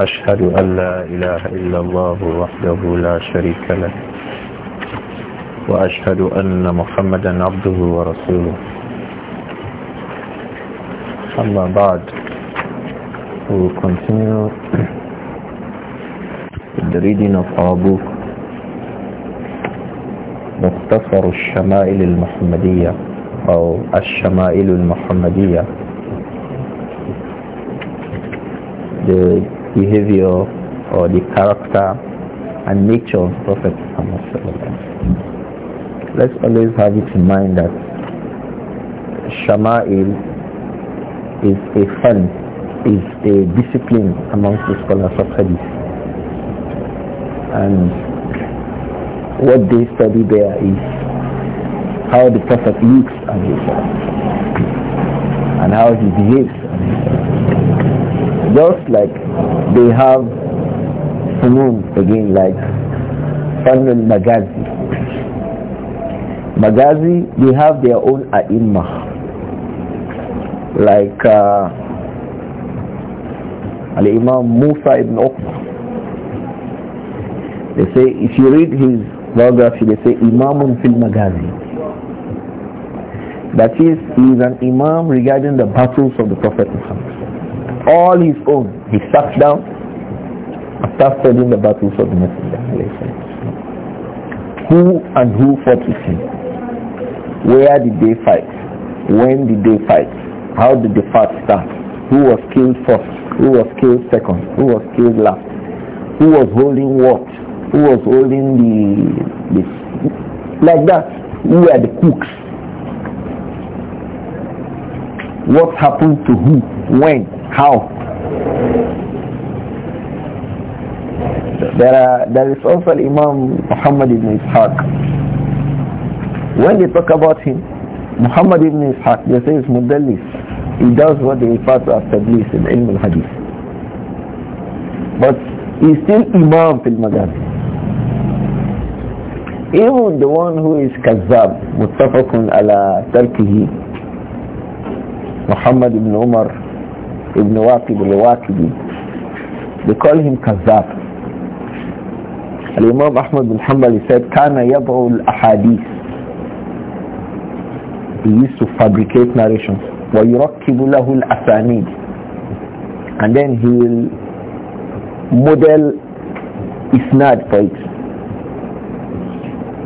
أشهد أن لا إله إلا الله وحده لا شريك له وأشهد أن محمدا عبده ورسوله أما بعد we will continue with the reading of our book مختصر الشمائل المحمدية أو الشمائل المحمدية the behavior or the character and nature of Prophet Muhammad Let's always have it in mind that Shama'il is a fun, is a discipline amongst the scholars of Hadith. And what they study there is how the Prophet looks at himself and how he behaves just like they have Funun again like Qarn magazi Magazi, they have their own ai like uh, Al-Imam Musa ibn Uqba. They say, if you read his biography, they say, Imamun fil Magazi. That is, he is an imam regarding the battles of the Prophet Muhammad all his own. He sat down after studying the battles of the Messenger. Who and who fought with him? Where did they fight? When did they fight? How did the fight start? Who was killed first? Who was killed second? Who was killed last? Who was holding what? Who was holding the this? Like that. Who are the cooks? What happened to who? When? How? There, are, there is also Imam Muhammad ibn Ishaq. When they talk about him, Muhammad ibn Ishaq, they say it's Mudallis. He does what they refer to as Tablis in Ilm al-Hadith. But he's still Imam fil Madhab. Even the one who is kazab, Muttafaqun ala Tarkihi, Muhammad ibn Umar Ibn Waqid al-Waqidi. They call him Kazzab. Al-Imam Ahmad bin Hanbal said, Kana yab'u al-ahadith. He used to fabricate narrations. وَيُرَكِّبُ لَهُ الْأَسَانِيدِ And then he will model isnad for it.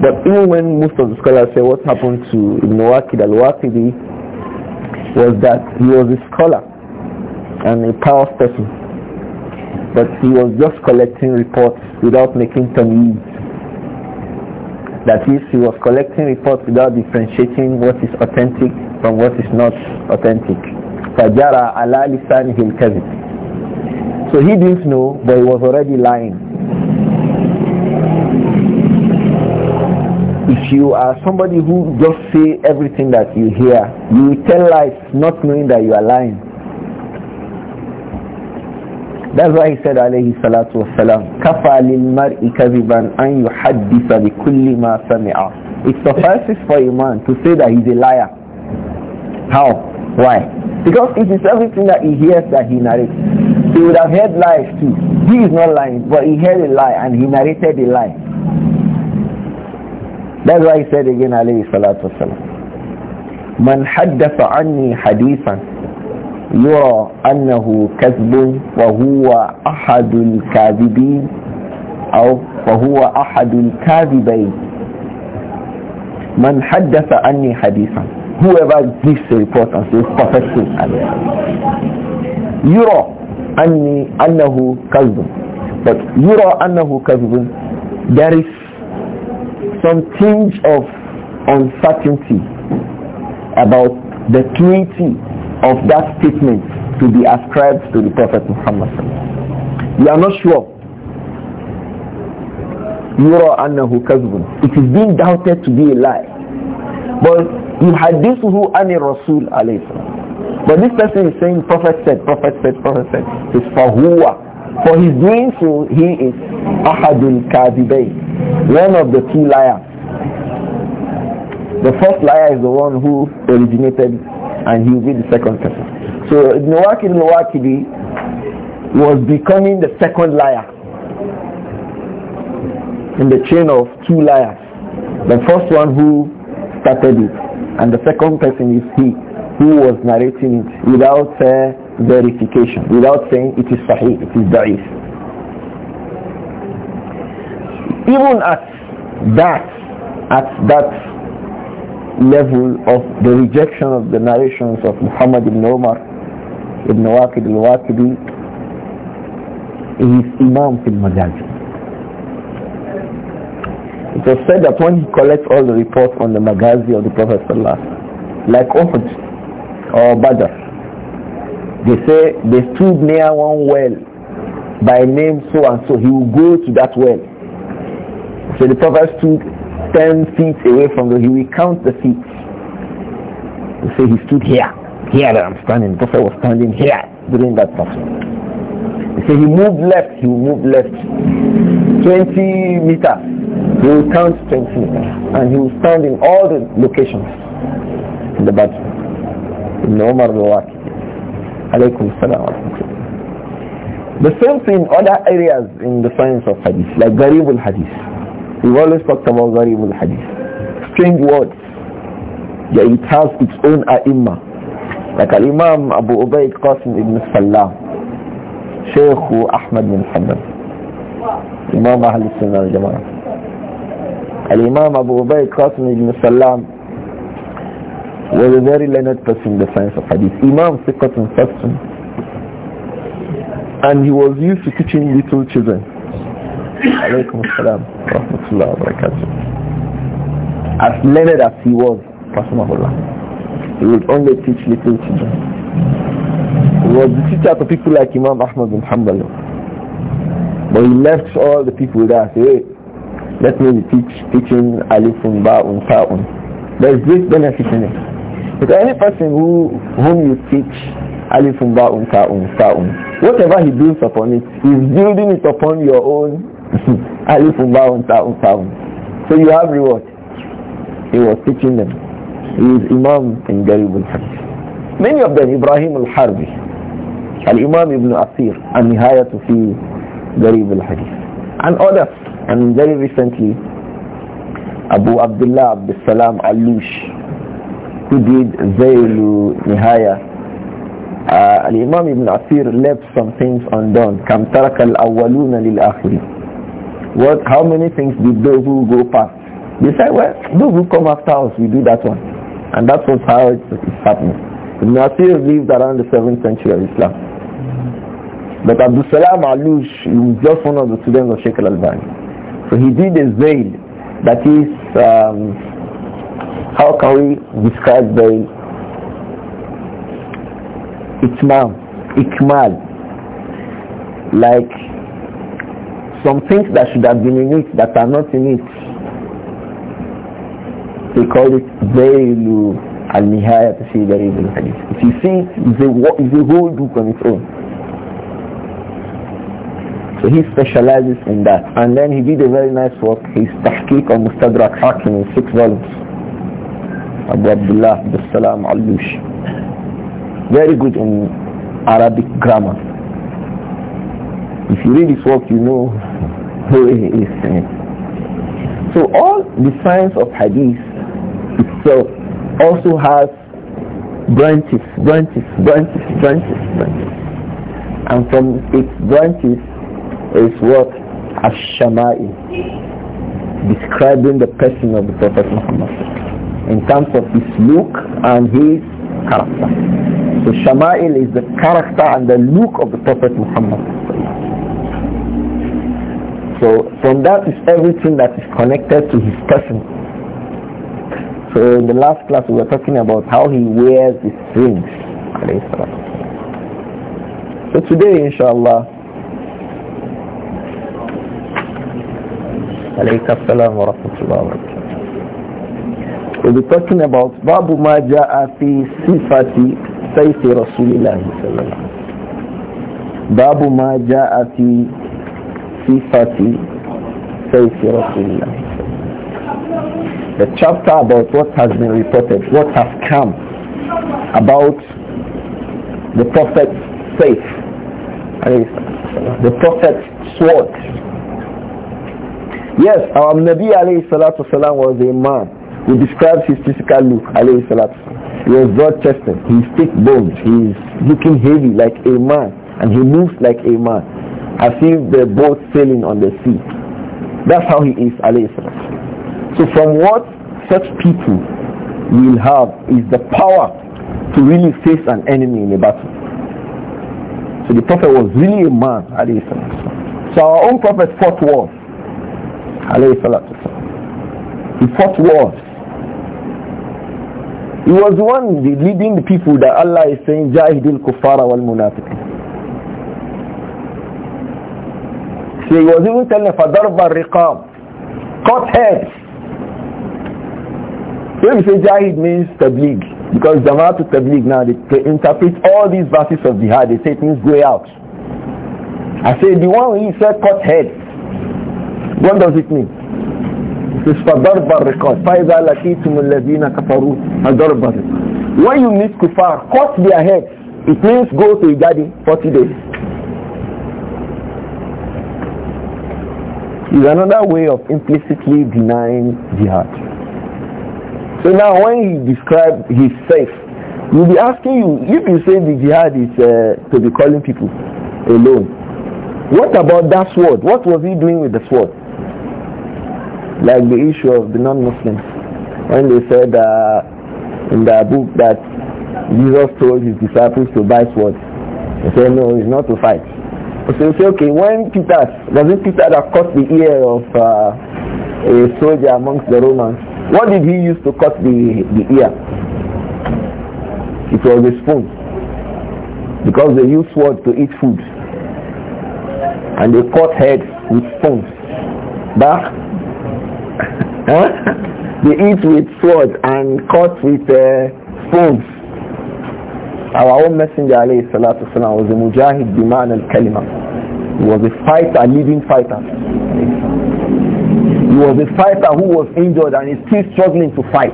But even when most of the scholars say what happened to Ibn Waqid al-Waqidi was that he was a scholar and a pious person. But he was just collecting reports without making use. That is, he was collecting reports without differentiating what is authentic from what is not authentic. Fajara ala lisanihi kazib So he didn't know, but he was already lying. If you are somebody who just say everything that you hear, you will tell lies not knowing that you are lying. That's why he said alayhi salatu wasalam, كَفَى لِلْمَرْءِ an أَنْ يُحَدِّثَ بِكُلِّ مَا سَمِعَ It suffices for a man to say that he's a liar. How? Why? Because it is everything that he hears that he narrates. He would have heard lies too. He is not lying, but he heard a lie and he narrated a lie. That's why he said again alayhi salatu wasalam, مَنْ حَدَّثَ عَنِّي hadithan. يرى أنه كذب وهو أحد الكاذبين أو وهو أحد الكاذبين من حدث عني حديثا whoever gives a report and says perfection يرى أني أنه كذب but يرى أنه كذب there is some tinge of uncertainty about the treaty of that statement to be ascribed to the Prophet Muhammad. You are not sure. Yura annahu kazbun. It is being doubted to be a lie. But you had this who ani Rasul alayhi But this person is saying Prophet said, Prophet said, Prophet said. It's fahuwa. For his doing so, he is ahadul kadibay, one of the two liars. The first liar is the one who originated and he will be the second person. So Ibn Waqid ibn Waqidi was becoming the second liar in the chain of two liars. The first one who started it and the second person is he who was narrating it without uh, verification, without saying it is sahih, it is da'if. Even at that, at that level of the rejection of the narrations of Muhammad ibn Umar ibn Waqid al-Waqidi is Imam fil Madhaj. It was said that when he collects all the reports on the Maghazi of the Prophet Sallallahu like Uhud or Badr, they say they stood near one well by name so and so. He will go to that well. So the Prophet stood 10 feet away from the, he will count the feet. He say he stood here, here that I'm standing. The Prophet was standing here during that time. He say he moved left, he moved left 20 meters. He will count 20 meters. And he will stand in all the locations in the battle. In more al the same thing other areas in the science of hadith, like Garib al-Hadith. We've always talked about Gharib al-Hadith. Strange words. Yeah, it has its own ai Like Al-Imam Abu Ubaid Qasim ibn Salam. Sheikh Ahmad bin Hanbal. Imam Ahl Sunnah al-Jama'ah. Al-Imam Abu Ubaid Qasim ibn Salam was a very learned person in the science of Hadith. Imam Sikhatun Fasun. And he was used to teaching little children. Alaykum assalam. Rahmatullah wa barakatuh. As learned as he was, Rahmatullah, he would only teach little children. He was the teacher to people like Imam Ahmad bin Hanbal. But he left all the people there and hey, let me teach teaching alifun, ba'un, ta'un. There is great benefit in it. Because any person who, whom you teach alifun, ba'un, ta'un, ta'un, whatever he builds upon it, he's building it upon your own Alif Umba'un So you have reward. He was teaching them. He is Imam in Garib al Many of them, Ibrahim al-Harbi, Al-Imam ibn Asir, and Nihayatu fi Garib al-Hadith. And others. And very recently, Abu Abdullah Abdul Salam al-Lush, who did Zaylu Nihaya. uh, Al-Imam Ibn Asir left some things undone. كم ترك الأولون للآخرين what, how many things did those who go past? They said, well, those who come after us, we do that one. And that was how it, happened. The Ibn lived around the 7th century of Islam. But Abdul Salam Alush was just one of the students of Sheikh al-Albani. So he did a veil that is, um, how can we describe the Itmam, Ikmal. Like some things that should have been in it that are not in it. They call it Bailu al-Nihaya to see there is Hadith. If you see the, a whole book on its own. So he specializes in that. And then he did a very nice work, his Tahqiq on Mustadrak Hakim in six volumes. Abu Abdullah Salam al Very good in Arabic grammar. If you read his work, you know who he is saying. So all the science of hadith itself also has branches, branches, branches, branches, branches. And from its branches is what? Ash-Shama'i. Describing the person of the Prophet Muhammad in terms of his look and his character. So Shama'il is the character and the look of the Prophet Muhammad. So from that is everything that is connected to his person. So in the last class we were talking about how he wears his rings. So today inshallah We'll be talking about Babu ما Sifati في Rasulullah. Babu رسول صفة سيف رسول الله The chapter about what has been reported, what has come about the prophet's faith, the prophet's sword. Yes, our Nabi alayhi salatu salam was a man who describes his physical look alayhi salatu He was broad-chested, he is thick-boned, he is looking heavy like a man and he moves like a man as if they're both sailing on the sea. That's how he is, alayhi So from what such people will have is the power to really face an enemy in a battle. So the Prophet was really a man, alayhi So our own Prophet fought wars, alayhi He fought wars. He was one the leading the people that Allah is saying, "Jahidil Kufara wal Munafiqin. He was even telling فَضَرْبَ الرِّقَامِ Cut heads. So if you say jahid means tabligh, because Jamaat tabligh now, they, they interpret all these verses of jihad, they say things go out. I say the one he said cut heads. What does it mean? It's فَضَرْبَ الرِّقَامِ فَإِذَا لَكِيتُمُ الَّذِينَ كَفَرُوا فَضَرْبَ الرِّقَامِ When you meet kuffar, cut their heads. It means go to Igadi 40 days. is another way of implicitly denying jihad. So now when he describes his faith, we'll be asking you, if you say the jihad is uh, to be calling people alone, what about that sword? What was he doing with the sword? Like the issue of the non-Muslims. When they said uh, in their book that Jesus told his disciples to buy swords. He said, no, it's not to fight. So say, okay, when Peter, was it Peter that cut the ear of uh, a soldier amongst the Romans? What did he use to cut the, the ear? It was a spoon. Because they use sword to eat food. And they cut heads with spoons. Back. huh? They eat with sword and cut with uh, spoons. Our own messenger alayhi salatu was a mujahid biman al-kalima. He was a fighter, living fighter. He was a fighter who was injured and is still struggling to fight.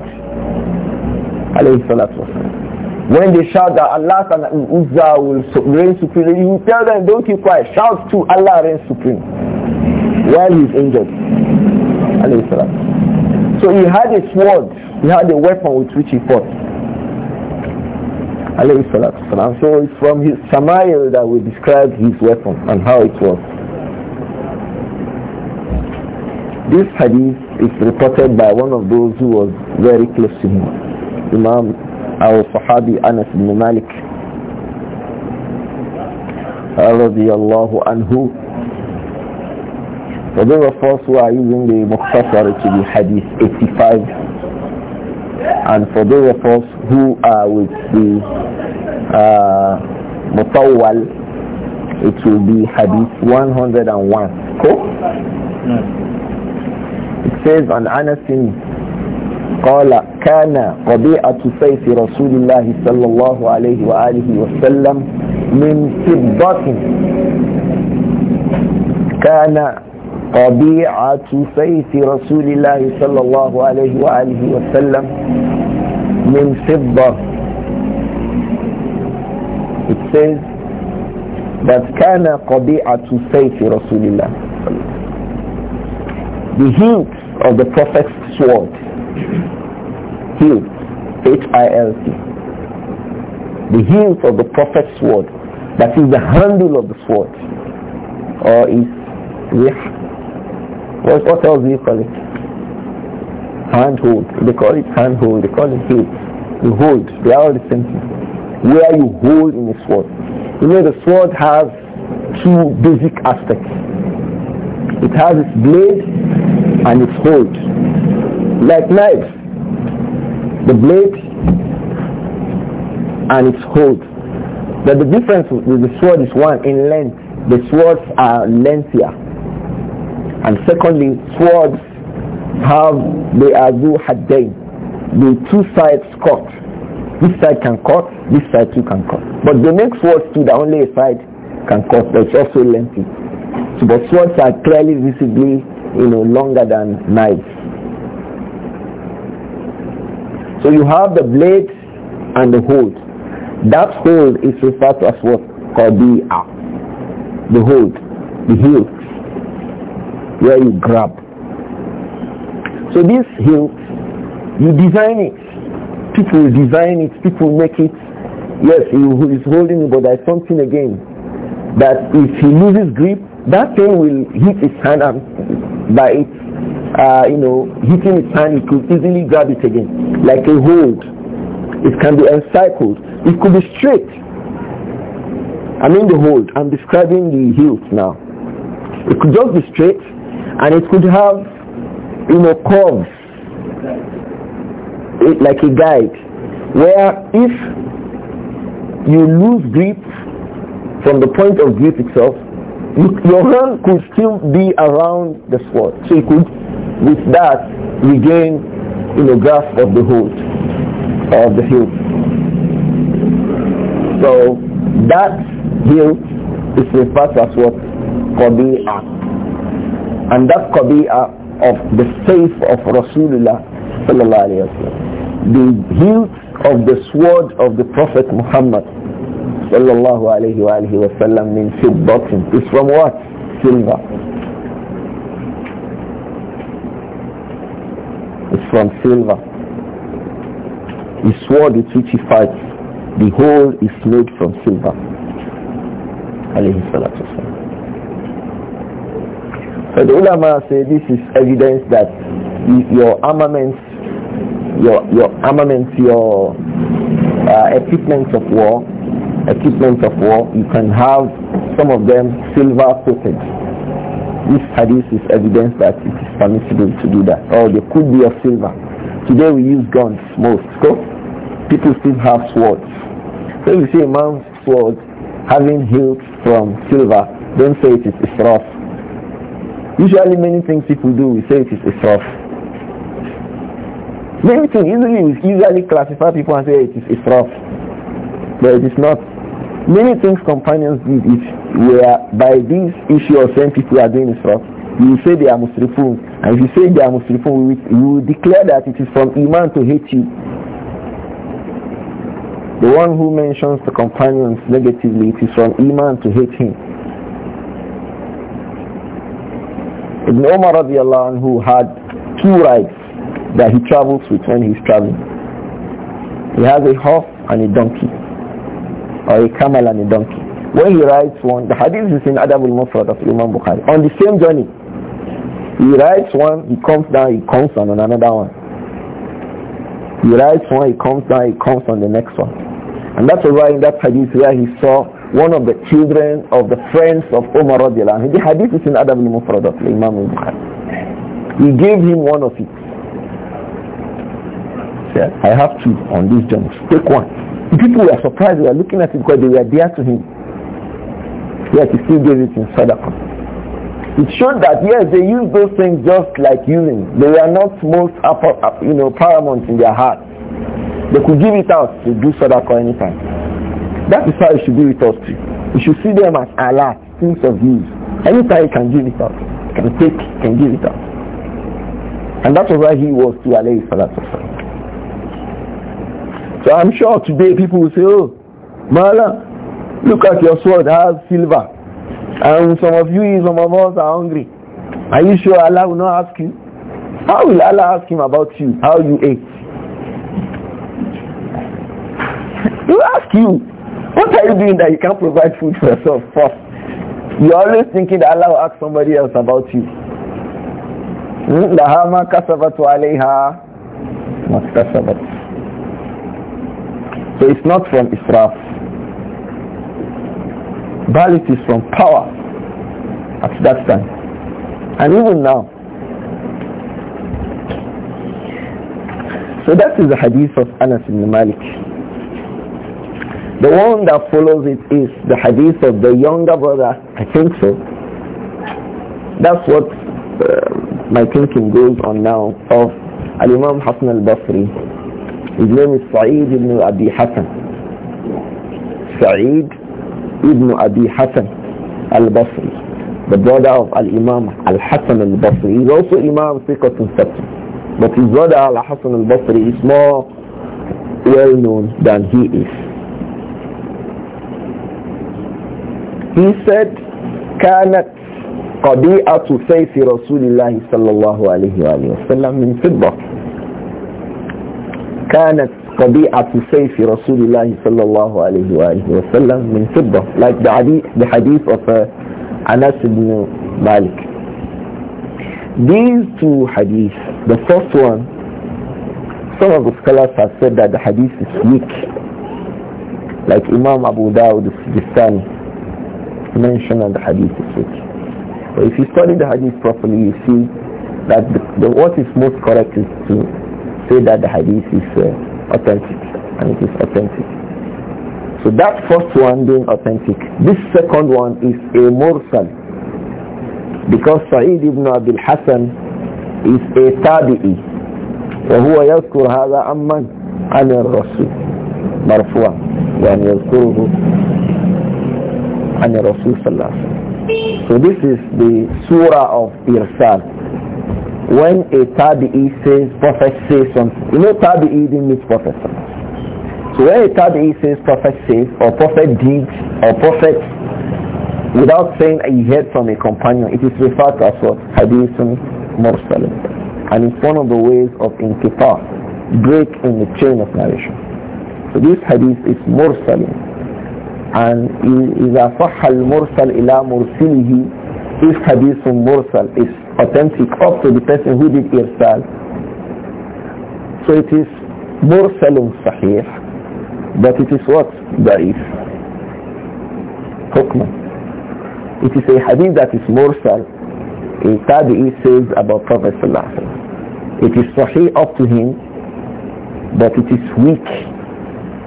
Alayhi salatu When they shout that Allah and Uzza will reign supreme, he will tell them, don't keep quiet. Shout to Allah reign supreme while he's injured. Alayhi salatu So he had a sword, he had a weapon with which he fought alayhi salatu salam. So it's from his Samael that we describe his weapon and how it was. This hadith is reported by one of those who was very close to him, Imam our Sahabi Anas ibn Malik radiallahu anhu. For those of us who are using the Muqtasar to the hadith 85 and for those of us who are with the uh, mutawwal it will be hadith 101 cool? Hmm. it says on anasim قال كان قبيعة سيف رسول الله صلى الله عليه وآله وسلم من فضة كان قبيعة سيف رسول الله صلى الله عليه وآله وسلم من فضة It says that كان قبيعة سيف رسول الله The hilt of the Prophet's sword Hilt H-I-L-T The hilt of the Prophet's sword That is the handle of the sword Or is rih what, what else do you call it? Handhold. They call it handhold. They call it heel. You hold. They are all the same thing. Where you hold in the sword. You know the sword has two basic aspects. It has its blade and its hold. Like knives. The blade and its hold. But the difference with the sword is one in length. The swords are lengthier and secondly, swords have the are haddain. The two sides cut. This side can cut, this side too can cut. But the next sword too, the only side can cut, but it's also lengthy. So the swords are clearly visibly, you know, longer than knives. So you have the blade and the hold. That hold is referred to as what? called The hold, the heel where you grab. So this hilt, you design it. People design it, people make it. Yes, he is holding it, but there's something again. That if he loses grip, that thing will hit his hand and by it, uh, you know, hitting his hand, he could easily grab it again. Like a hold. It can be encircled. It could be straight. I mean the hold. I'm describing the hilt now. It could just be straight and it could have you know curves it, like a guide where if you lose grip from the point of grip itself you, your hand could still be around the spot so you could with that regain you know grasp of the hold of the hill so that hill is referred to as what? Kodi'ah and that qabi'ah of the faith of Rasulullah sallallahu alayhi wa the hilt of the sword of the Prophet Muhammad sallallahu alayhi wa alayhi wa sallam min fiddatin is from what? Silver. It's from silver. The sword with which he fights, the whole is made from silver. Alayhi salatu wasalam. So the ulama say this is evidence that your armaments, your your armaments, your uh, equipment of war, equipment of war, you can have some of them silver coated. This hadith is evidence that it is permissible to do that, or they could be of silver. Today we use guns most. So people still have swords. So you see a man's sword having hilts from silver, don't say it is rough. Usually many things people do, we say it is israf. Many things, easily we usually classify people and say it is israf. But it is not. Many things companions did it where by this issue of saying people are doing israf, you say they are musrifun. And if you say they are musrifun, we will declare that it is from Iman to hate you. The one who mentions the companions negatively, it is from Iman to hate him. Ibn Umar radiallahu anhu had two rides that he travels with when he's traveling. He has a horse and a donkey, or a camel and a donkey. When he rides one, the hadith is in Adab al-Mufrad of Imam Bukhari. On the same journey, he rides one, he comes down, he comes on, on another one. He rides one, he comes down, he comes on the next one. And that's why in that hadith where he saw one of the children of the friends of Umar radiallahu anhu. The hadith is in Adab al-Mufradat, Imam al-Bukhari. He gave him one of it. Said, I have two on these jumps. Take one. People were surprised. They were looking at him because they were dear to him. Yet he still gave it in Sadaqah. It showed that yes, they use those things just like using. They are not most upper, uh, you know paramount in their heart. They could give it out to do sadaqah anytime. That is how it should be with us too. You should see them as Allah, things of use. Anytime you can give it out, you can take, you can give it out. And that was why he was to alayhi salatu So I'm sure today people will say, oh, Mala, look at your sword, has silver. And some of you, some of us are hungry. Are you sure Allah will not ask you? How will Allah ask him about you, how you ate? He will ask you. What are you doing that you can't provide food for yourself first? You're always thinking that Allah will ask somebody else about you. Hmm? So it's not from Israf. But it is from power at that time. And even now. So that is the hadith of Anas ibn Malik. The one that follows it is the hadith of the younger brother. I think so. That's what uh, my thinking goes on now of Al-Imam Hassan al-Basri. His name is Sa'id ibn Abi Hassan. Sa'id ibn Abi Hassan al-Basri. The brother of Al-Imam al-Hassan al-Basri. He's also Imam al Satun. But his brother Al-Hassan al-Basri is more well known than he is. He said, كانت قبيعة سيف رسول الله صلى الله عليه وآله وسلم من فضة كانت قبيعة سيف رسول الله صلى الله عليه وآله وسلم من فضة like the hadith, the hadith of Anas ibn Malik these two hadiths the first one some of the scholars have said that the hadith is weak like Imam Abu Dawud the Sistani mentioned and the hadith is which. But if you study the hadith properly, you see that the, the, what is most correct is to say that the hadith is uh, authentic, and it is authentic. So that first one being authentic. This second one is a mursal. Because Sa'id ibn Abdul Hassan is a tabi'i. وهو يذكر هذا عمن عن الرسول مرفوع يعني يذكره and Rasul Sallallahu So this is the surah of Irsal. When a Tabi'i says, prophet says something, you know Tabi'i didn't meet prophet. So when a Tabi'i says, prophet says, or prophet did, or prophet, without saying he heard from a companion, it is referred to as what? Hadithun Mursal. And it's one of the ways of inkifa, break in the chain of narration. So this hadith is Mursalin and إذا صح المرسل إلى مرسله if hadith mursal is authentic up to the person who did irsal so it is mursalun sahih but it is what? ضعيف حكما it is a hadith that is mursal a tabi'i says about Prophet sallallahu it is sahih up to him but it is weak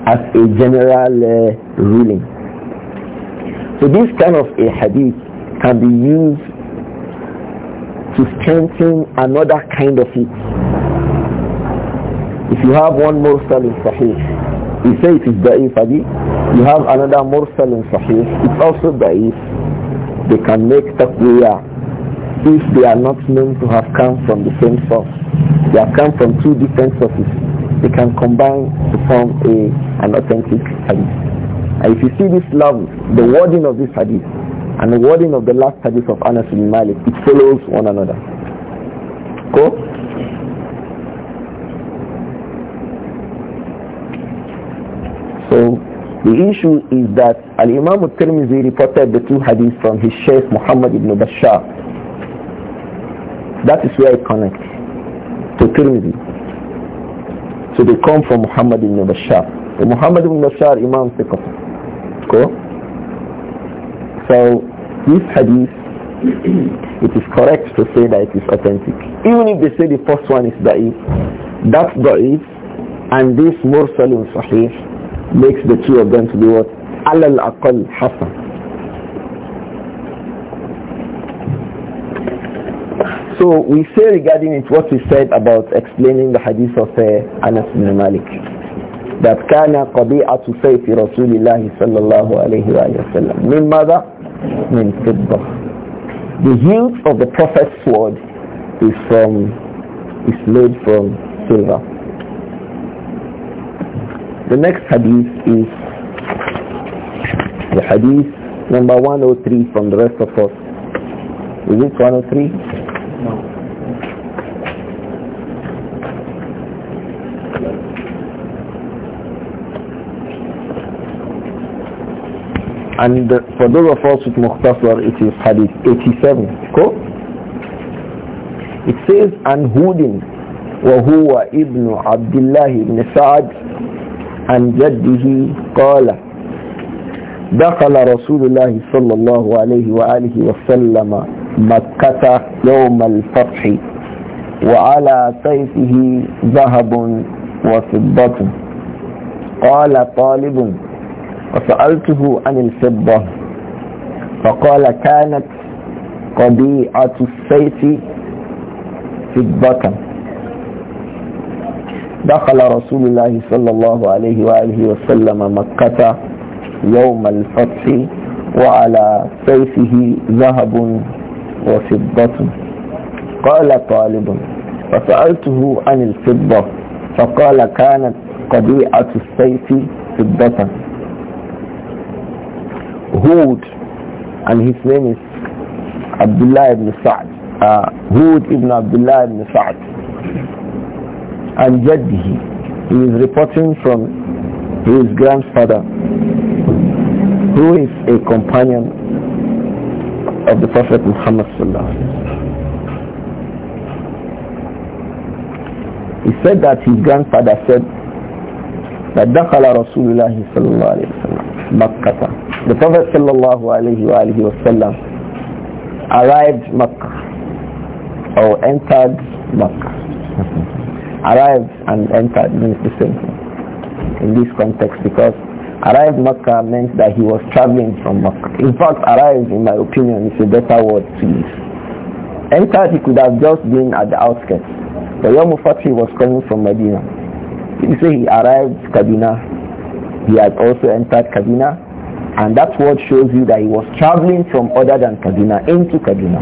as a general uh, ruling so this kind of a hadith can be used to strengthen another kind of it. If you have one mursal in sahih, you say it is da'if hadith. You have another mursal in sahih, it's also da'if. They can make taqwiyah if they are not known to have come from the same source. They have come from two different sources. They can combine to form a, an authentic hadith. And if you see this love, the wording of this hadith and the wording of the last hadith of Anas bin Malik, it follows one another. Go. So the issue is that Al-Imam al-Tirmidhi reported the two hadiths from his Shaykh Muhammad ibn Bashar. That is where it connects to Tirmidhi. So they come from Muhammad ibn Bashar. The Muhammad ibn Bashar, Imam Thiqaf. So this hadith, it is correct to say that it is authentic. Even if they say the first one is da'if, that da'if and this mursalun sahih makes the two of them to be what? Alal aqal hasan. So we say regarding it what we said about explaining the hadith of uh, Anas bin Malik that kana qadi'atu sayfi Rasulullah sallallahu alayhi wa وسلم min ماذا min فضة. the hilt of the prophet's sword is from is made from silver the next hadith is the hadith number 103 from the rest of us is it 103 no And the, for those of us with Mukhtasar, it is Hadith 87. Cool? It says, and Hudin, وهو ابن عبد الله بن سعد عن جده قال دخل رسول الله صلى الله عليه وآله وسلم مكة يوم الفتح وعلى سيفه ذهب وفضة قال طالب فسألته عن الفضة فقال كانت قبيعة السيف فضة دخل رسول الله صلى الله عليه وآله وسلم مكة يوم الفتح وعلى سيفه ذهب وفضة قال طالب فسألته عن الفضة فقال كانت قبيعة السيف فضة Hud, and his name is Abdullah ibn Sa'd. Uh, Hud ibn Abdullah ibn Sa'd. And Jaddihi, he is reporting from his grandfather, who is a companion of the Prophet Muhammad sallallahu alaihi wasallam. He said that his grandfather said that دخل رسول الله صلى الله عليه وسلم مكة the Prophet sallallahu alayhi wasallam arrived Makkah or entered Makkah. arrived and entered means the same thing in this context because arrived Makkah meant that he was traveling from Makkah. In fact, arrived, in my opinion, is a better word to use. Entered, he could have just been at the outskirts. But Yom was coming from Medina. You say he arrived Medina. He had also entered Medina. And that word shows you that he was traveling from other than Kaduna into Kaduna.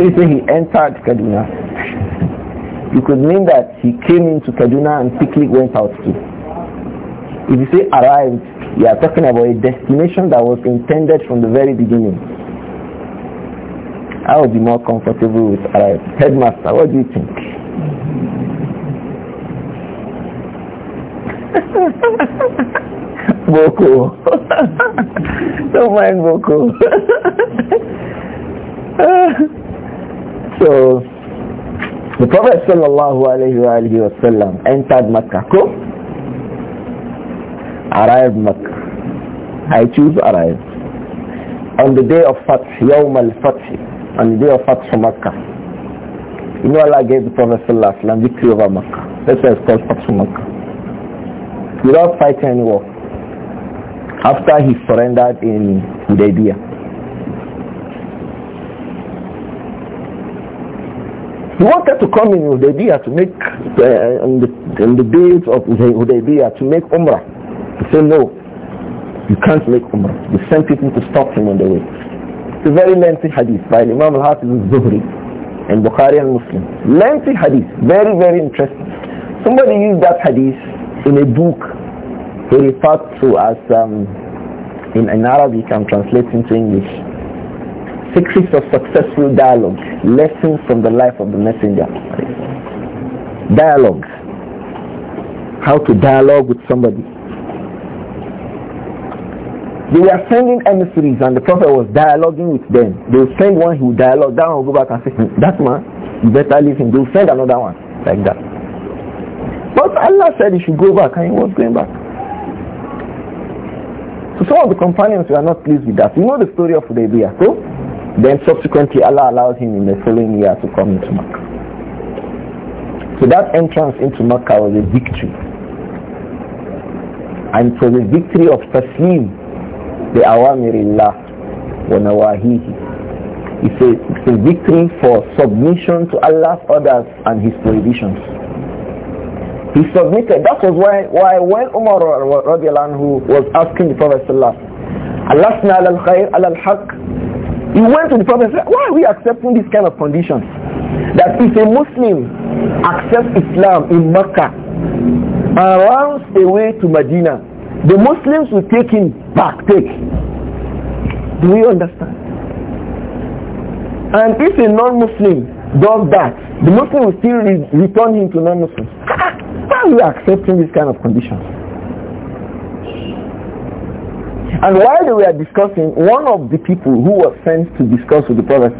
If he entered Kaduna, it could mean that he came into Kaduna and quickly went out too. If you say arrived, you are talking about a destination that was intended from the very beginning. I would be more comfortable with arrived. Headmaster, what do you think? Boko. Don't mind Boko. so, the Prophet sallallahu alayhi wa alayhi wa sallam entered Makkah. Go. Arrived Makkah. I choose arrived. On the day of Fath, Yawm al-Fath, on the day of Fath Makkah. You know Allah gave the Prophet sallallahu alayhi wa sallam victory over Makkah. That's why it's called Fath Makkah. Without fighting any war after he surrendered in Hudaybiyah. He wanted to come in Hudaybiyah to make, uh, in, the, in the days of Hudaybiyah, to make Umrah. He said, no, you can't make Umrah. You sent people to stop him on the way. It's a very lengthy hadith by Imam al-Hafiz al-Zuhri and Bukhari and Muslim. Lengthy hadith, very, very interesting. Somebody used that hadith in a book he referred to as, um, in, in Arabic I'm translating to English, secrets of successful dialogue, lessons from the life of the messenger. Dialogue. How to dialogue with somebody. They were sending emissaries and the Prophet was dialoguing with them. They would send one, he would dialogue, that one would go back and say, hmm, that man, you better leave him. They would send another one like that. But Allah said he should go back and he was going back. So some of the companions were not pleased with that. You know the story of Hudaybiyah. So then subsequently Allah allowed him in the following year to come into Makkah. So that entrance into Makkah was a victory. And for the victory of Taslim, the Awamirillah, wa Nawahihi. It's a, it's a victory for submission to Allah's orders and His prohibitions. He submitted. That was why, why when Umar anhu, was asking the Prophet sallallahu al khair He went to the Prophet and said, why are we accepting this kind of conditions? That if a Muslim accepts Islam in Mecca and runs away to Medina, the Muslims will take him back, take. Do you understand? And if a non-Muslim does that, the Muslim will still re return him to non-Muslims. Why are we accepting this kind of conditions? And while they were discussing, one of the people who was sent to discuss with the Prophet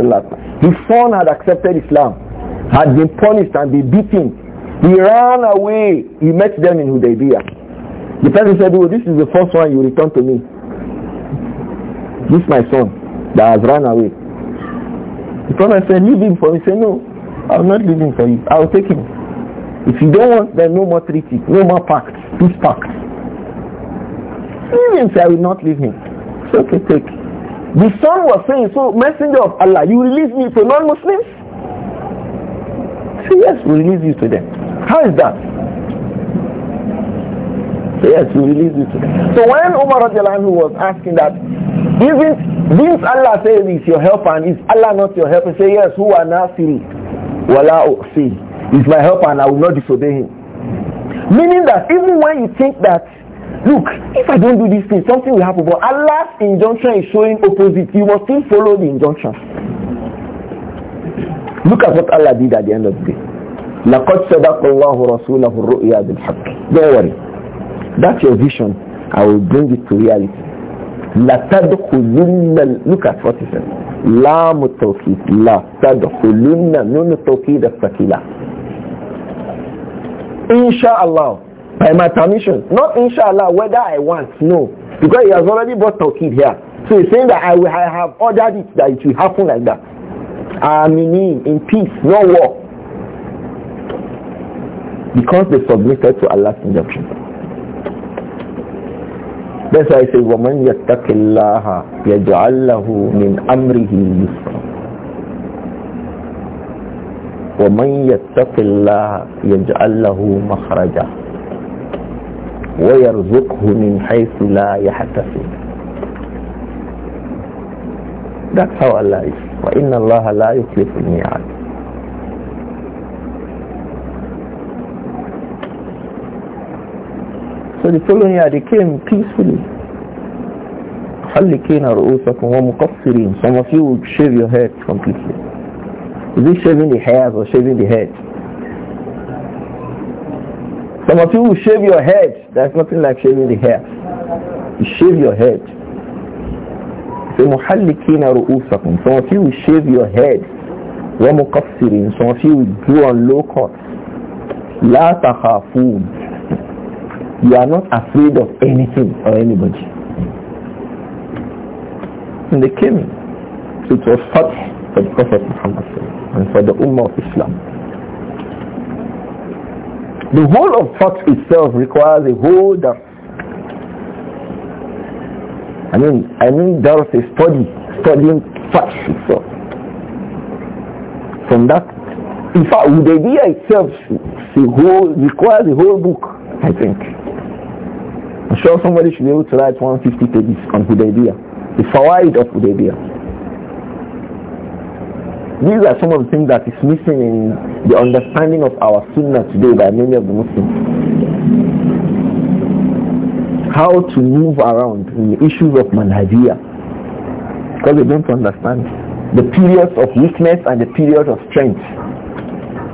his son had accepted Islam, had been punished and been beaten. He ran away. He met them in Hudaybiyah. The person said, oh, this is the first one you return to me. This is my son that has run away. The Prophet said, leave him for me. He said, no, I'm not leaving for you. I'll take him. If you don't want, then no more treaty, no more pact, peace pact. say, I will not leave him. So okay, take. The son was saying, so messenger of Allah, you release me to non-Muslims? So yes, we release you to them. How is that? yes, we release you to them. So when Umar who was asking that, even since Allah says he's your helper and is Allah not your helper? Say yes, who are seeing? wala see is my helper and I will not disobey him. Meaning that even when you think that, look, if I don't do this thing, something will happen. But Allah's injunction is showing opposite. You must still follow the injunction. Look at what Allah did at the end of the day. لَقَدْ صَدَقَ اللَّهُ رَسُولَهُ الرُّؤْيَا بِالْحَقِّ Don't worry. That's your vision. I will bring it to reality. لَتَدْخُلُنَّ Look at what he said. لَامُ التَّوْكِيدِ لَتَدْخُلُنَّ نُنُ التَّوْكِيدَ الثَّقِيلَةِ Inshallah. By my permission. Not inshallah, whether I want. No. Because he has already brought Tawkid here. So he's saying that I, will, I have ordered it that it will happen like that. Aminin, in peace, no war. Because they submitted to Allah's injunction. That's why I say, "Woman, يَتَّقِ اللَّهَ يَجْعَلْ لَهُ مِنْ أَمْرِهِ ومن يتق الله يجعل له مخرجا ويرزقه من حيث لا يحتسب That's how Allah is. وإن الله لا يخلف الميعاد. So the following year they came peacefully. حلقين رؤوسكم ومقصرين. Some of you will shave your head completely. Is this shaving the hairs or shaving the head? Some of you will shave your head. There's nothing like shaving the hair. You shave your head. Say muhallikina ru'usakum. Some of you will shave your head. Wa muqassirin. Some of you will go on low cut. La You are not afraid of anything or anybody. And they came. It was such the Prophet Muhammad and for the Ummah of Islam. The whole of thought itself requires a whole I mean, I mean there is a study, studying thought itself. From that, in fact, idea itself the whole, requires a whole book, I think. I'm sure somebody should be able to write 150 pages on idea, the fawaid of idea. These are some of the things that is missing in the understanding of our sunnah today by many of the Muslims. How to move around in the issues of manhajiyah. Because they don't understand the periods of weakness and the periods of strength.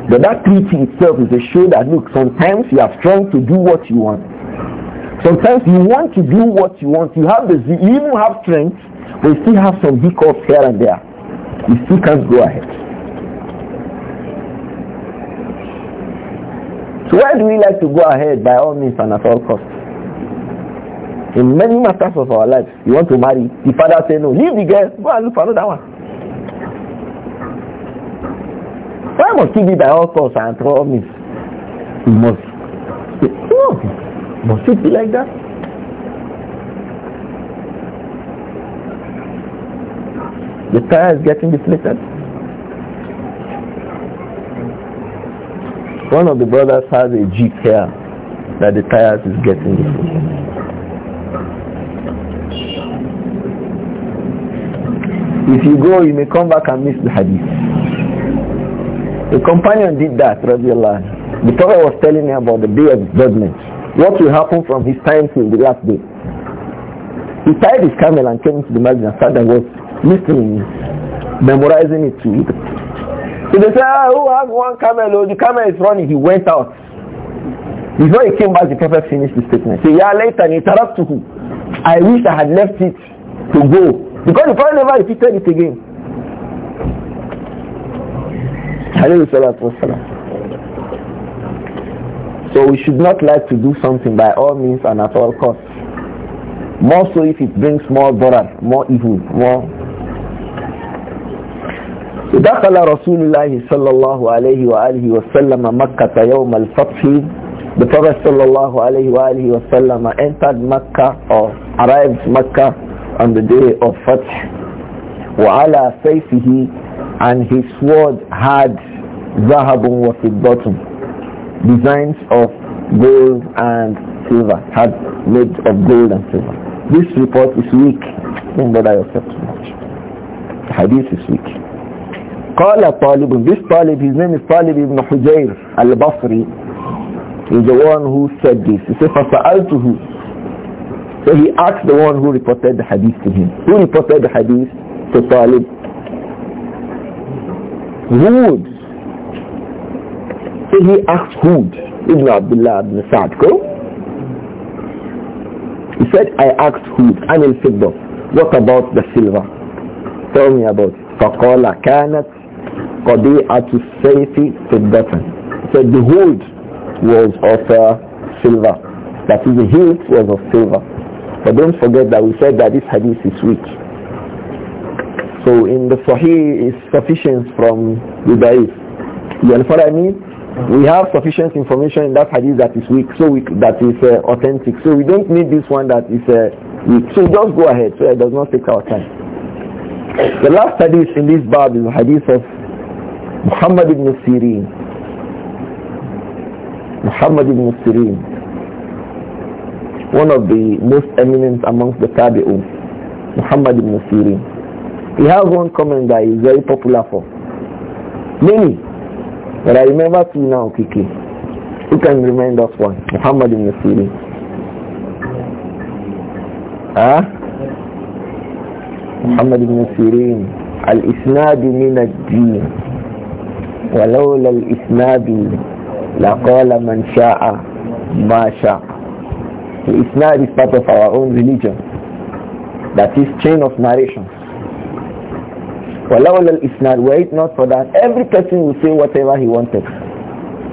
But that treaty itself is a show that look, sometimes you are strong to do what you want. Sometimes you want to do what you want. You have the you even have strength, but you still have some hiccups here and there. You still can't go ahead. So why do we like to go ahead by all means and at all costs? In many matters of our lives, you want to marry, the father say no, leave the girl, go and look for another one. Why must it be by all costs and at all means? You must. No, must it be like that? The tire is getting deflated. One of the brothers has a jeep here that the tires is getting deflated. If you go, you may come back and miss the hadith. The companion did that, radiallahu The Prophet was telling me about the day of judgment. What will happen from his time till the last day. He tied his camel and came to the margin and sat and was listening, memorizing it too. So they say, ah, who has one camel? Oh, the camel is running. He went out. Before he came back, the prophet finished the statement. Say, yeah, later, who? I wish I had left it to go. Because the prophet never repeated it again. So we should not like to do something by all means and at all costs. More so if it brings more bother, more evil, more دخل رسول الله صلى الله عليه وآله وسلم مكة يوم الفتح The Prophet صلى الله عليه وآله وسلم entered Mecca or arrived Mecca on the day of Fatih وعلى سيفه and his sword had ذهب وفضة designs of gold and silver had made of gold and silver this report is weak don't bother yourself too much the hadith is weak Qala Talib, this Talib, his name is Talib ibn Hujayr al-Basri, is the one who said this. He said, فَسَأَلْتُهُ So he asked the one who reported the hadith to him. Who reported the hadith to Talib? Who? So he asked who. Ibn Abdullah ibn Sa'd, go. He said, I asked who. I'm in Fiddah. What about the silver? Tell me about it. فَقَالَ كَانَتْ qadi'atu sayfi fiddatun. So the hood was of uh, silver. That is the hilt was of silver. But don't forget that we said that this hadith is weak. So in the Sahih is sufficient from the Da'if. You understand what I mean? We have sufficient information in that hadith that is weak, so weak, that is uh, authentic. So we don't need this one that is uh, weak. So just go ahead, so it does not take our time. The last hadith in this bab is the hadith of Muhammad ibn Sirin. Muhammad ibn Sirin, one of the most eminent amongst the Tabi'un, Muhammad ibn Sirin. He has one comment that is very popular for. Many, but I remember two now, Kiki. You can remind us one? Muhammad ibn Sirin. Ah, Muhammad ibn Sirin. Al-Isnad min ad-Din. ولولا الإسناد لقال من شاء ما شاء The Isnad is part of our own religion. That is chain of narration. ولولا الإسناد were it not for that every person will say whatever he wanted.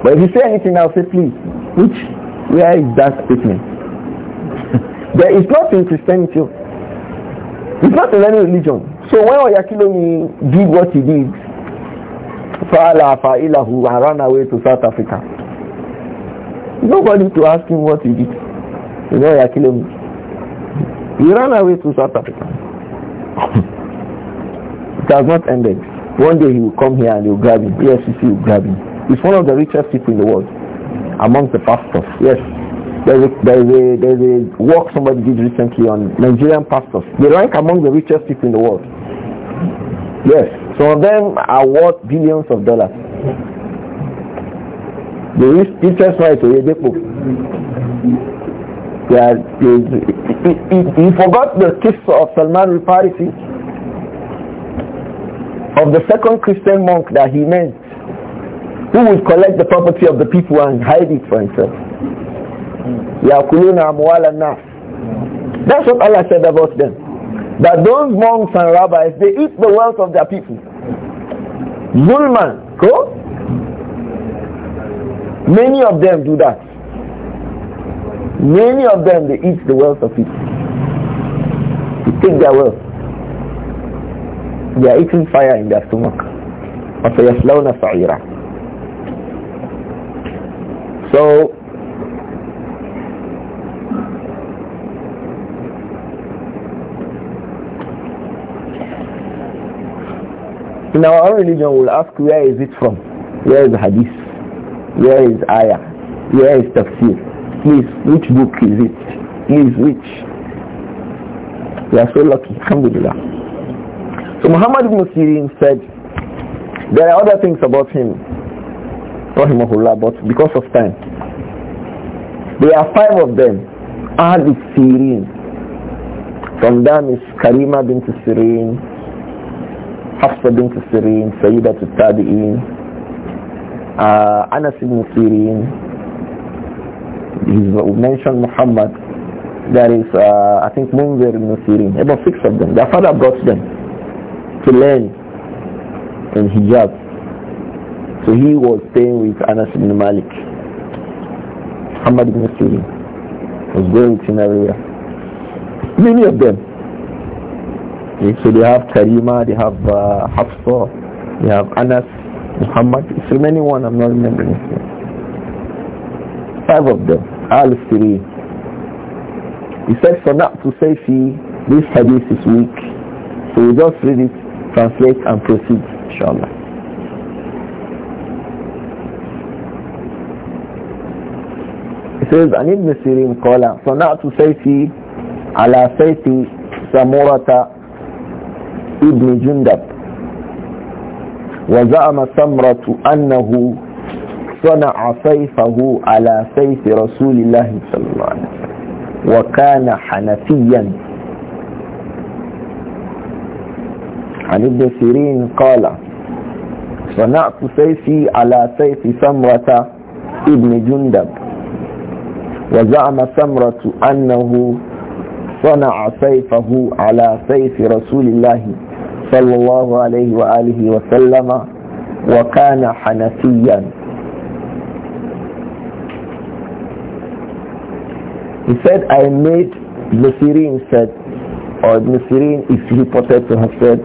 But if you say anything I'll say please which where is that statement? there is not in Christianity. It's not in any religion. So when Oyakilomi did what he did, Fa'ala fa'ilahu and ran away to South Africa. Nobody to ask him what he did. You know, you're killing me. He ran away to South Africa. it has not ended. One day he will come here and he will grab him. Yes, he will grab him. He's one of the richest people in the world amongst the pastors. Yes. There's a, there's a, there's a work somebody did recently on Nigerian pastors. They rank among the richest people in the world. Yes. Some of them are worth billions of dollars. The interest rate is yeah, he, he, he, he forgot the kisses of Salman al of the second Christian monk that he meant, who would collect the property of the people and hide it for himself. That's what Allah said about them. That those monks and rabbis, they eat the wealth of their people. Zulman, go. Many of them do that. Many of them, they eat the wealth of people. They take their wealth. They are eating fire in their stomach. فَيَسْلَوْنَ sahirah. So, In our religion, will ask where is it from? Where is hadith? Where is ayah? Where is tafsir? Please, which book is it? Please, which? We are so lucky. Alhamdulillah. So Muhammad ibn Sirin said, there are other things about him, rahimahullah, but because of time. There are five of them. Ahad is Sirin. From them is Karima bint Sirin, Hafsa bint Sirin, Sayyidat al-Tabi'in, uh, Anas ibn Sirin, mentioned Muhammad, there is, uh, I think, Munzir ibn Sirin, about six of them. Their father brought them to learn in hijab. So he was staying with Anas bin Malik. Muhammad ibn Sirin was going with him everywhere. Many of them. Okay, so they have Karima, they have uh, Hafsa, they have Anas, Muhammad. It's many one, I'm not remembering. Five of them. al three. He said, for not to say see, this hadith is weak. So we just read it, translate and proceed, inshallah. He says, عن ابن سيرين قال صنعت سيفي على سيف سمورة ابن جندب وزعم سمرة أنه صنع سيفه على سيف رسول الله صلى الله عليه وسلم وكان حنفيا عن ابن سيرين قال صنعت سيفي على سيف سمرة ابن جندب وزعم سمرة أنه صنع سيفه على سيف رسول الله صلى الله عليه وآله وسلم وكان حنفيا He said, I made Nusirin said, or Nusirin is reported to have said,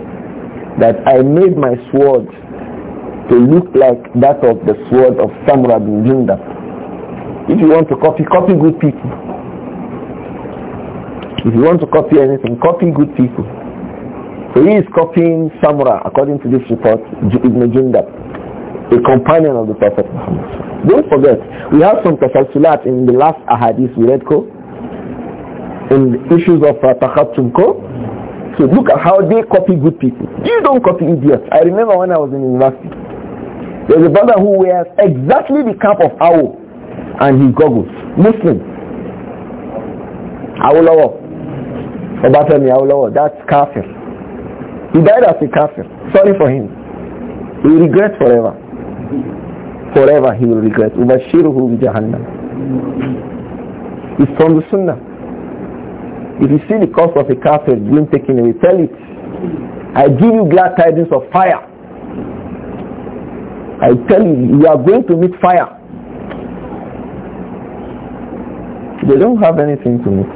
that I made my sword to look like that of the sword of Samra bin Jundab. If you want to copy, copy good people. If you want to copy anything, copy good people. So he is copying Samura, according to this report, Ibn Jundab, a companion of the Prophet Muhammad. Don't forget, we have some tasalsulat in the last ahadith we read ko, in the issues of uh, takhattum ko. So look at how they copy good people. You don't copy idiots. I remember when I was in university, there's a brother who wears exactly the cap of owl and his goggles. Muslim. Awolowo. Obatemi Awolowo. That's kafir. He died as a kafir. Sorry for him. He will regret forever. Forever he will regret. Ubashiruhu Jahannam. It's from the Sunnah. If you see the cause of a kafir being taken away, tell it. I give you glad tidings of fire. I tell you, you are going to meet fire. They don't have anything to meet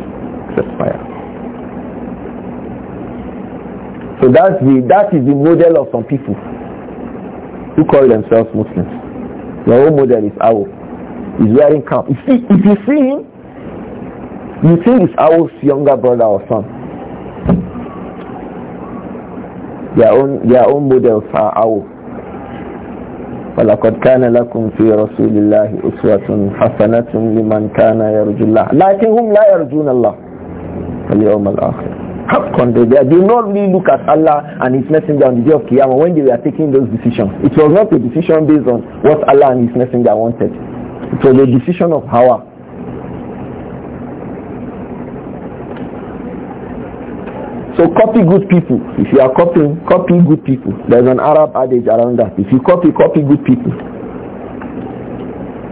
except fire. So that's the, that is the model of some people who call themselves Muslims. Their own model is Awo. He's wearing cap. If, he, if you see him, you think it's Awo's younger brother or son. Their own, their own models are Awo. ولقد كان لكم في رسول الله أسوة حسنة لمن كان يرجو الله لكنهم لا يرجون الله اليوم الآخر have They, they did not really look at Allah and His Messenger on the day of Qiyamah when they were taking those decisions. It was not a decision based on what Allah and His Messenger wanted. It was a decision of Hawa. So copy good people. If you are copying, copy good people. There's an Arab adage around that. If you copy, copy good people.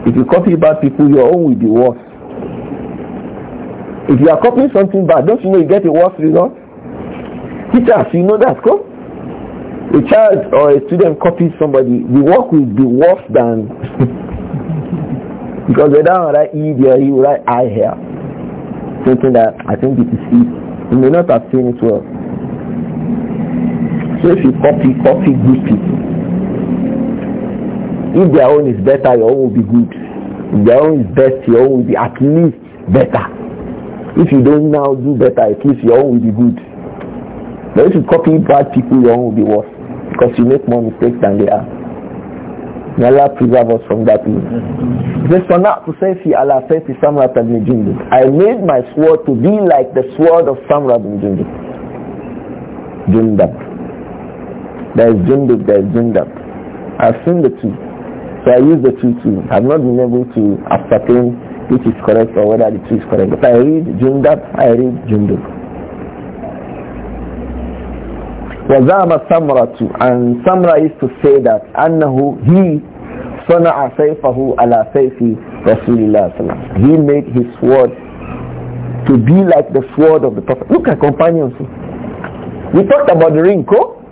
If you copy bad people, your own will be worse. If you are copying something bad, don't you know you get a worse result? Teachers, you know that, come. A child or a student copies somebody, the work will be worse than because they don't write E there, you write I here. Thinking that I think it is E. You may not have seen it well. So if you copy, copy good people. If their own is better, your own will be good. If their own is best, your own will be at least better. If you don't now do better, at least your own will be good. But if you copy bad people, your own will be worse. Because you make more mistakes than they are. May Allah preserve us from that evil. The sunnah to say fi ala sayfi Samra ibn Jundub. I made my sword to be like the sword of Samra bin Jundub. Jindab. There is Jundub, there is Jindab. I've seen the two. So I use the two too. I've not been able to ascertain which is correct or whether the tree is correct. If I read Jundab, I read Jundub. وزعم سمرة and Samra used to say that أنه he صنع سيفه على سيف رسول الله صلى الله عليه وسلم he made his sword to be like the sword of the prophet look at companions we talked about the ring ko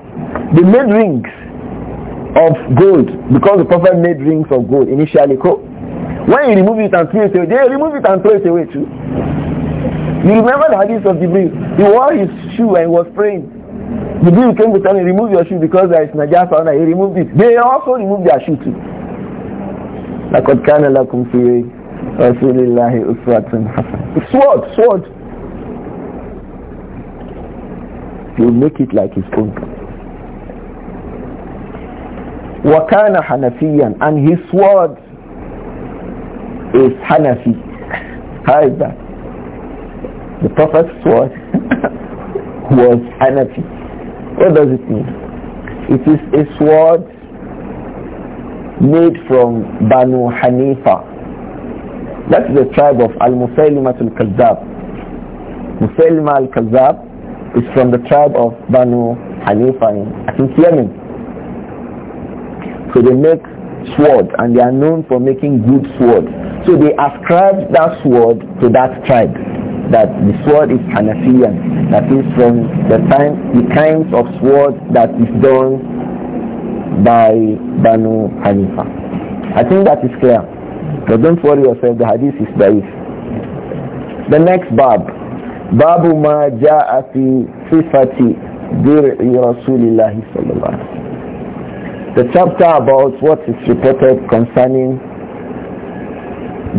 they made rings of gold because the prophet made rings of gold initially ko when you remove it and throw it away, they remove it and throw it away too. You remember the hadith of Jibril. He wore his shoe and was praying. Jibril came to tell him, remove your shoe because there is najasa on it. He removed it. They also removed their shoe too. لقد كان لكم في رسول الله أسوة حسنة sword sword you make it like his own وكان حنفيا and his sword is Hanafi. How is that? The Prophet's sword was Hanafi. What does it mean? It is a sword made from Banu Hanifa. That's the tribe of Al-Musaylimat al-Kazzab. Musaylima al-Kazzab is from the tribe of Banu Hanifa in, I think, Yemen. So they make sword and they are known for making good sword. So they ascribe that sword to that tribe. That the sword is Hanafian. That is from the time the kinds of sword that is done by Banu Hanifa. I think that is clear. But don't worry yourself, the hadith is daif. The next bab. Babu ma ja'a fi sifati dir'i Rasulillahi sallallahu alaihi the chapter about what is reported concerning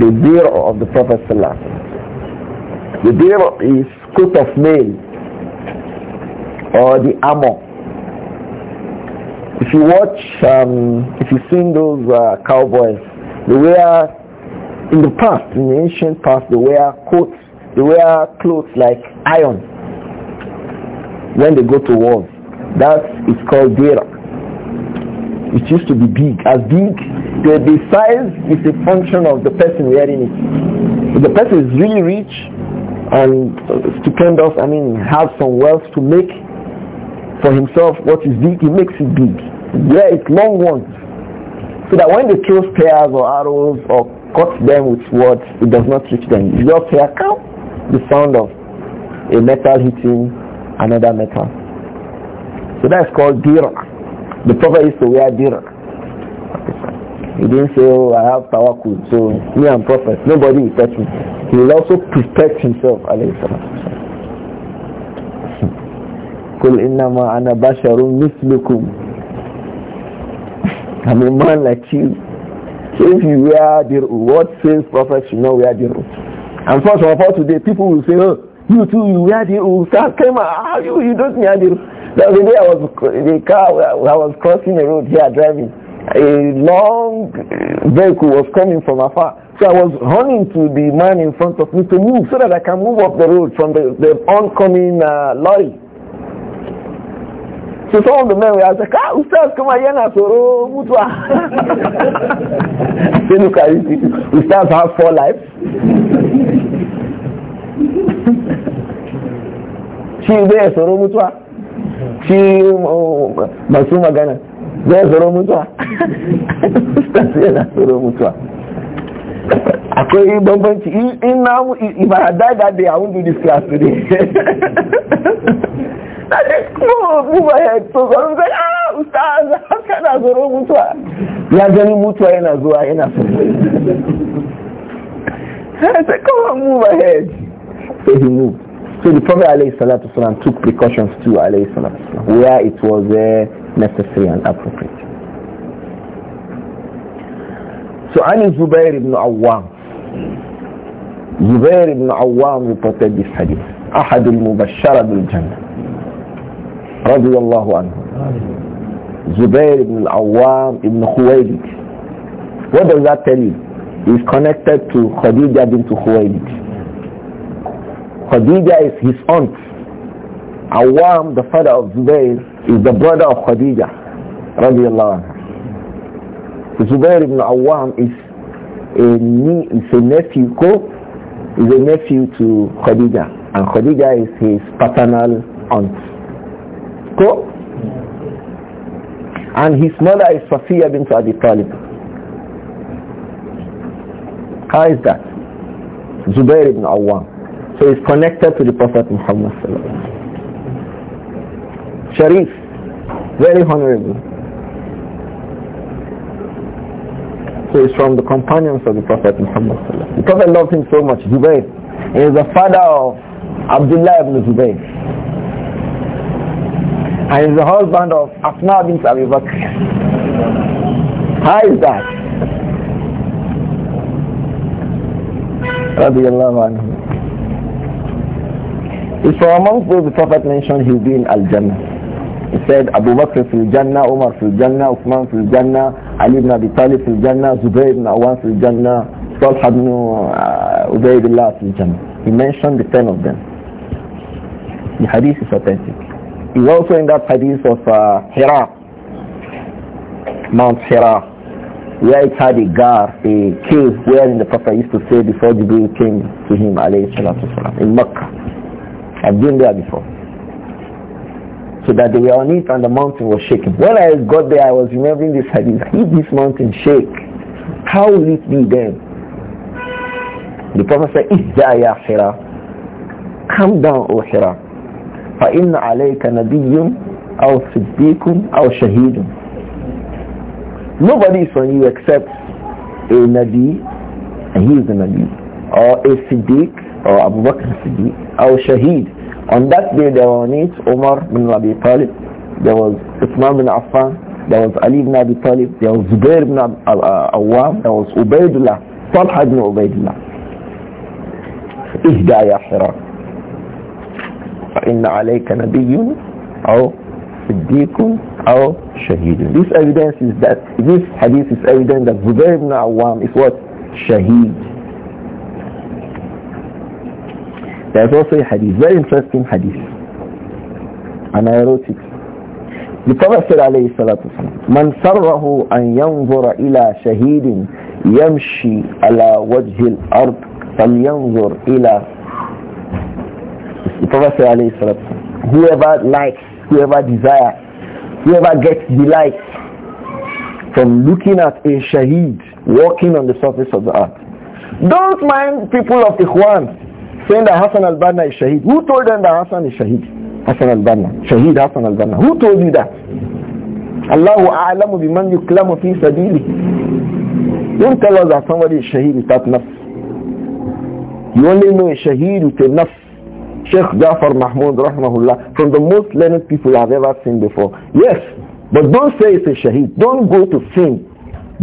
the beer of the Prophet The beer is coat of mail or the armor. If you watch, um, if you've seen those uh, cowboys, they wear, in the past, in the ancient past, they wear coats, they wear clothes like iron when they go to war. That is called dira. It used to be big. As big, the, the size is a function of the person wearing it. If the person is really rich and stupendous, I mean, has some wealth to make for himself what is big, he makes it big. Yeah, it's long ones. So that when they throw spears or arrows or cut them with swords, it does not reach them. You just hear cow, the sound of a metal hitting another metal. So that's called dirah. The Prophet used to wear dirk. He didn't say, oh, I have tawakkul, so me and Prophet, nobody will touch me. He will also protect himself, alayhi salam. قل إنما أنا بشر مثلكم I'm a man like you. So if you wear the what says prophet should not wear diru? And first of all, today people will say, oh, you too, you wear the oh, Sir, come you, you don't wear diru. The other day I was the car I was crossing the road here driving. A long vehicle was coming from afar. So I was running to the man in front of me to move so that I can move up the road from the, the oncoming uh, lorry. So some of the men were like, ah, Ustaz, come here now, Soro, Mutwa. I said, look at you, Ustaz has four lives. She's there, Soro, oh, Mutwa. shi masu magana zai tsoro mutuwa ustaz yana tsoro mutuwa akwai bambanci in na mu ibara dada da yawon do this class today na dai kuma buba ya tsoron zai ah ustaz haka na tsoro mutuwa ya gani mutuwa yana zuwa yana tsoro sai kuma move ahead so he moved So the Prophet والسلام, took precautions too والسلام, where it was uh, necessary and appropriate. So Ali Zubair ibn Awam. Zubair ibn Awam reported this hadith. أحد المبشرة بالجنة رضي الله عنه Zubair ibn Awam ibn Khuwaylid What does that tell you? He's connected to Khadija bint Khuwaylid Khadija is his aunt. Awam, the father of Zubair, is the brother of Khadija. Radiallahu ibn Awam is a, is a nephew, co- is a nephew to Khadija. And Khadija is his paternal aunt. Co? And his mother is Safiya bin Abi Talib. How is that? Zubair ibn Awam. So he's connected to the Prophet Muhammad Sharif, very honorable. So he's from the companions of the Prophet Muhammad The Prophet loved him so much, Zubayr. He is the father of Abdullah ibn Zubayr. And he's the husband of Abdullah bin Abi Bakr. How is that? رضي الله عنه is from amongst those the Prophet mentioned he'll be in Al-Jannah. He said Abu Bakr fil Jannah, Umar fil Jannah, Uthman fil Jannah, Ali ibn Abi Talib fil Jannah, Zubayr ibn Awan fil Jannah, Talha ibn uh, Ubaydullah fil Jannah. He mentioned the ten of them. The hadith is authentic. He's also in that hadith of uh, Hira, Mount Hira, where it had a gar, a cave wherein the Prophet used to say before Jibril came to him, alayhi salatu in Makkah. I've been there before. So that they were on it and the mountain was shaking. When I got there, I was remembering this hadith. If this mountain shake, how will it be then? The Prophet said, Ihda ya Hira. Come down, O Hira. فَإِنَّ عَلَيْكَ نَبِيٌّ أَوْ صِدِّيقٌ أَوْ شَهِيدٌ Nobody is on you except a Nabi, and he is a Nabi, or a Siddiq, or Abu Bakr Siddiq or Shaheed. On that day there were Anis Umar bin Abi Talib, there was Uthman bin Affan, there was Ali bin Abi Talib, there was Zubair bin Ab uh, Awam, there was Ubaidullah, Talha bin Ubaidullah. اهدى يا حراء فإن عليك نبي أو صديق أو شهيد This evidence is that this hadith is evident that Zubair ibn Awam is what? Shaheed There's also a hadith, very interesting hadith. And I The Prophet said alayhi salatu Man sarrahu an yanzura ila shahidin yamshi ala wajhil ard falyanzur ila The Prophet said alayhi salatu Whoever likes, whoever desires, whoever gets delight from looking at a shaheed walking on the surface of the earth. Don't mind people of Ikhwan saying that Hassan al-Banna is Shahid. Who told them that Hassan is Shahid? Hassan al-Banna. Shahid Hassan al-Banna. Who told you that? Allahu a'lamu biman yuklamu fi sabili. Don't tell us that somebody is Shahid without nafs. You only know a Shahid with a nafs. Sheikh Jafar Mahmoud rahmahullah, from the most learned people I've ever seen before. Yes, but don't say it's a Shahid. Don't go to sin.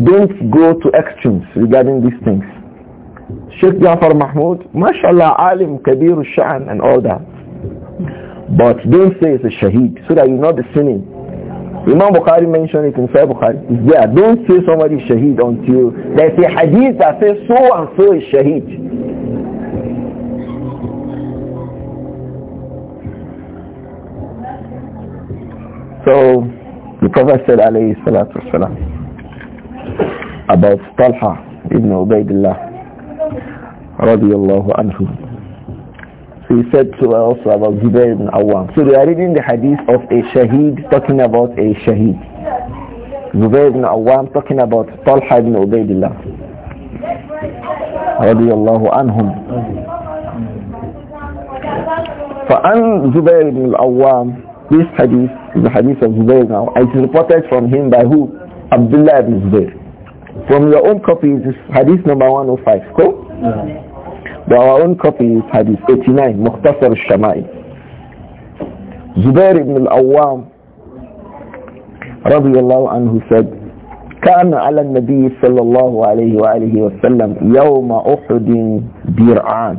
Don't go to extremes regarding these things. جعفر محمود ما شاء الله عالم كبير الشأن and all that. But don't say it's a shaheed, so that you know the sinning. Imam Bukhari mentioned it in Sahih Bukhari. Yeah, don't say somebody is shaheed until there's a hadith that says so and so is shaheed. So, the Prophet said, alayhi salatu wasalam, about Talha ibn Ubaidullah, radiallahu anhu. So he said to us about Zubair ibn Awam. So they are reading the hadith of a shaheed talking about a shaheed. Zubair ibn Awam talking about Talha ibn Ubaidillah radiallahu anhum. فعن زبير بن الأوام this hadith the hadith of Zubair now it is reported from him by who Abdullah ibn Zubair from your own copy this hadith number 105 cool ده our own copy is 89, مختصر al زبير Zubair ibn al-Awwam رضي الله عنه said كان على النبي صلى الله عليه وآله وسلم يوم أحد درعان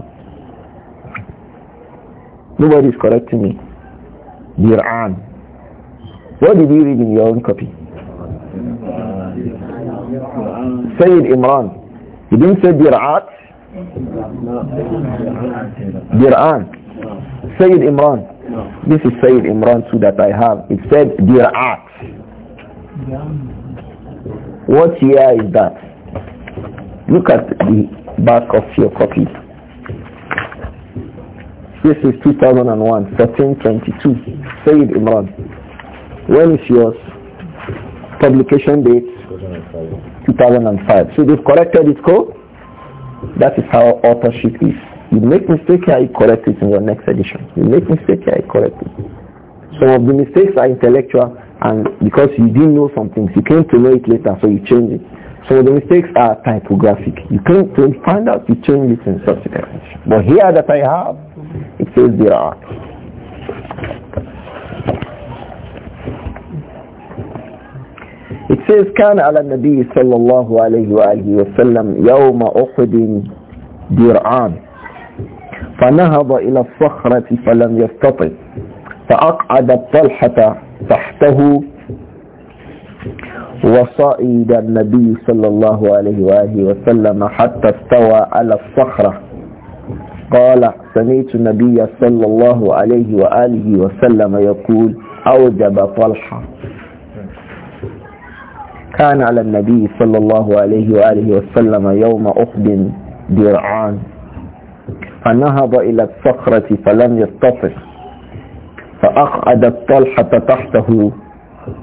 Nobody is correcting me. Dir'an. What did you read in your own copy? Sayyid Imran. He didn't say Dir'at. Dir'an. Sayyid Imran. This is Sayyid Imran too that I have. It said Dir'at. What year is that? Look at the back of your copy. This is 2001, 1322. Sayyid Imran. When is yours? Publication date? 2005. So they've corrected it, co? That is how authorship is. You make mistake here, you correct it in your next edition. You make mistake here, you correct it. Some of the mistakes are intellectual and because you didn't know some things, you came to know it later, so you change it. So the mistakes are typographic. You came to find out, you change it in subsequent. But here that I have, it says there are. It says, كان على النبي صلى الله عليه وآله وسلم يوم أحد درعان فنهض إلى الصخرة فلم يستطع فأقعد الطلحة تحته وصعد النبي صلى الله عليه وآله وسلم حتى استوى على الصخرة قال سمعت النبي صلى الله عليه وآله وسلم يقول أوجب طلحة كان على النبي صلى الله عليه وآله وسلم يوم أحد درعان فنهض إلى الصخرة فلم يتصل فأقعدت طلحة تحته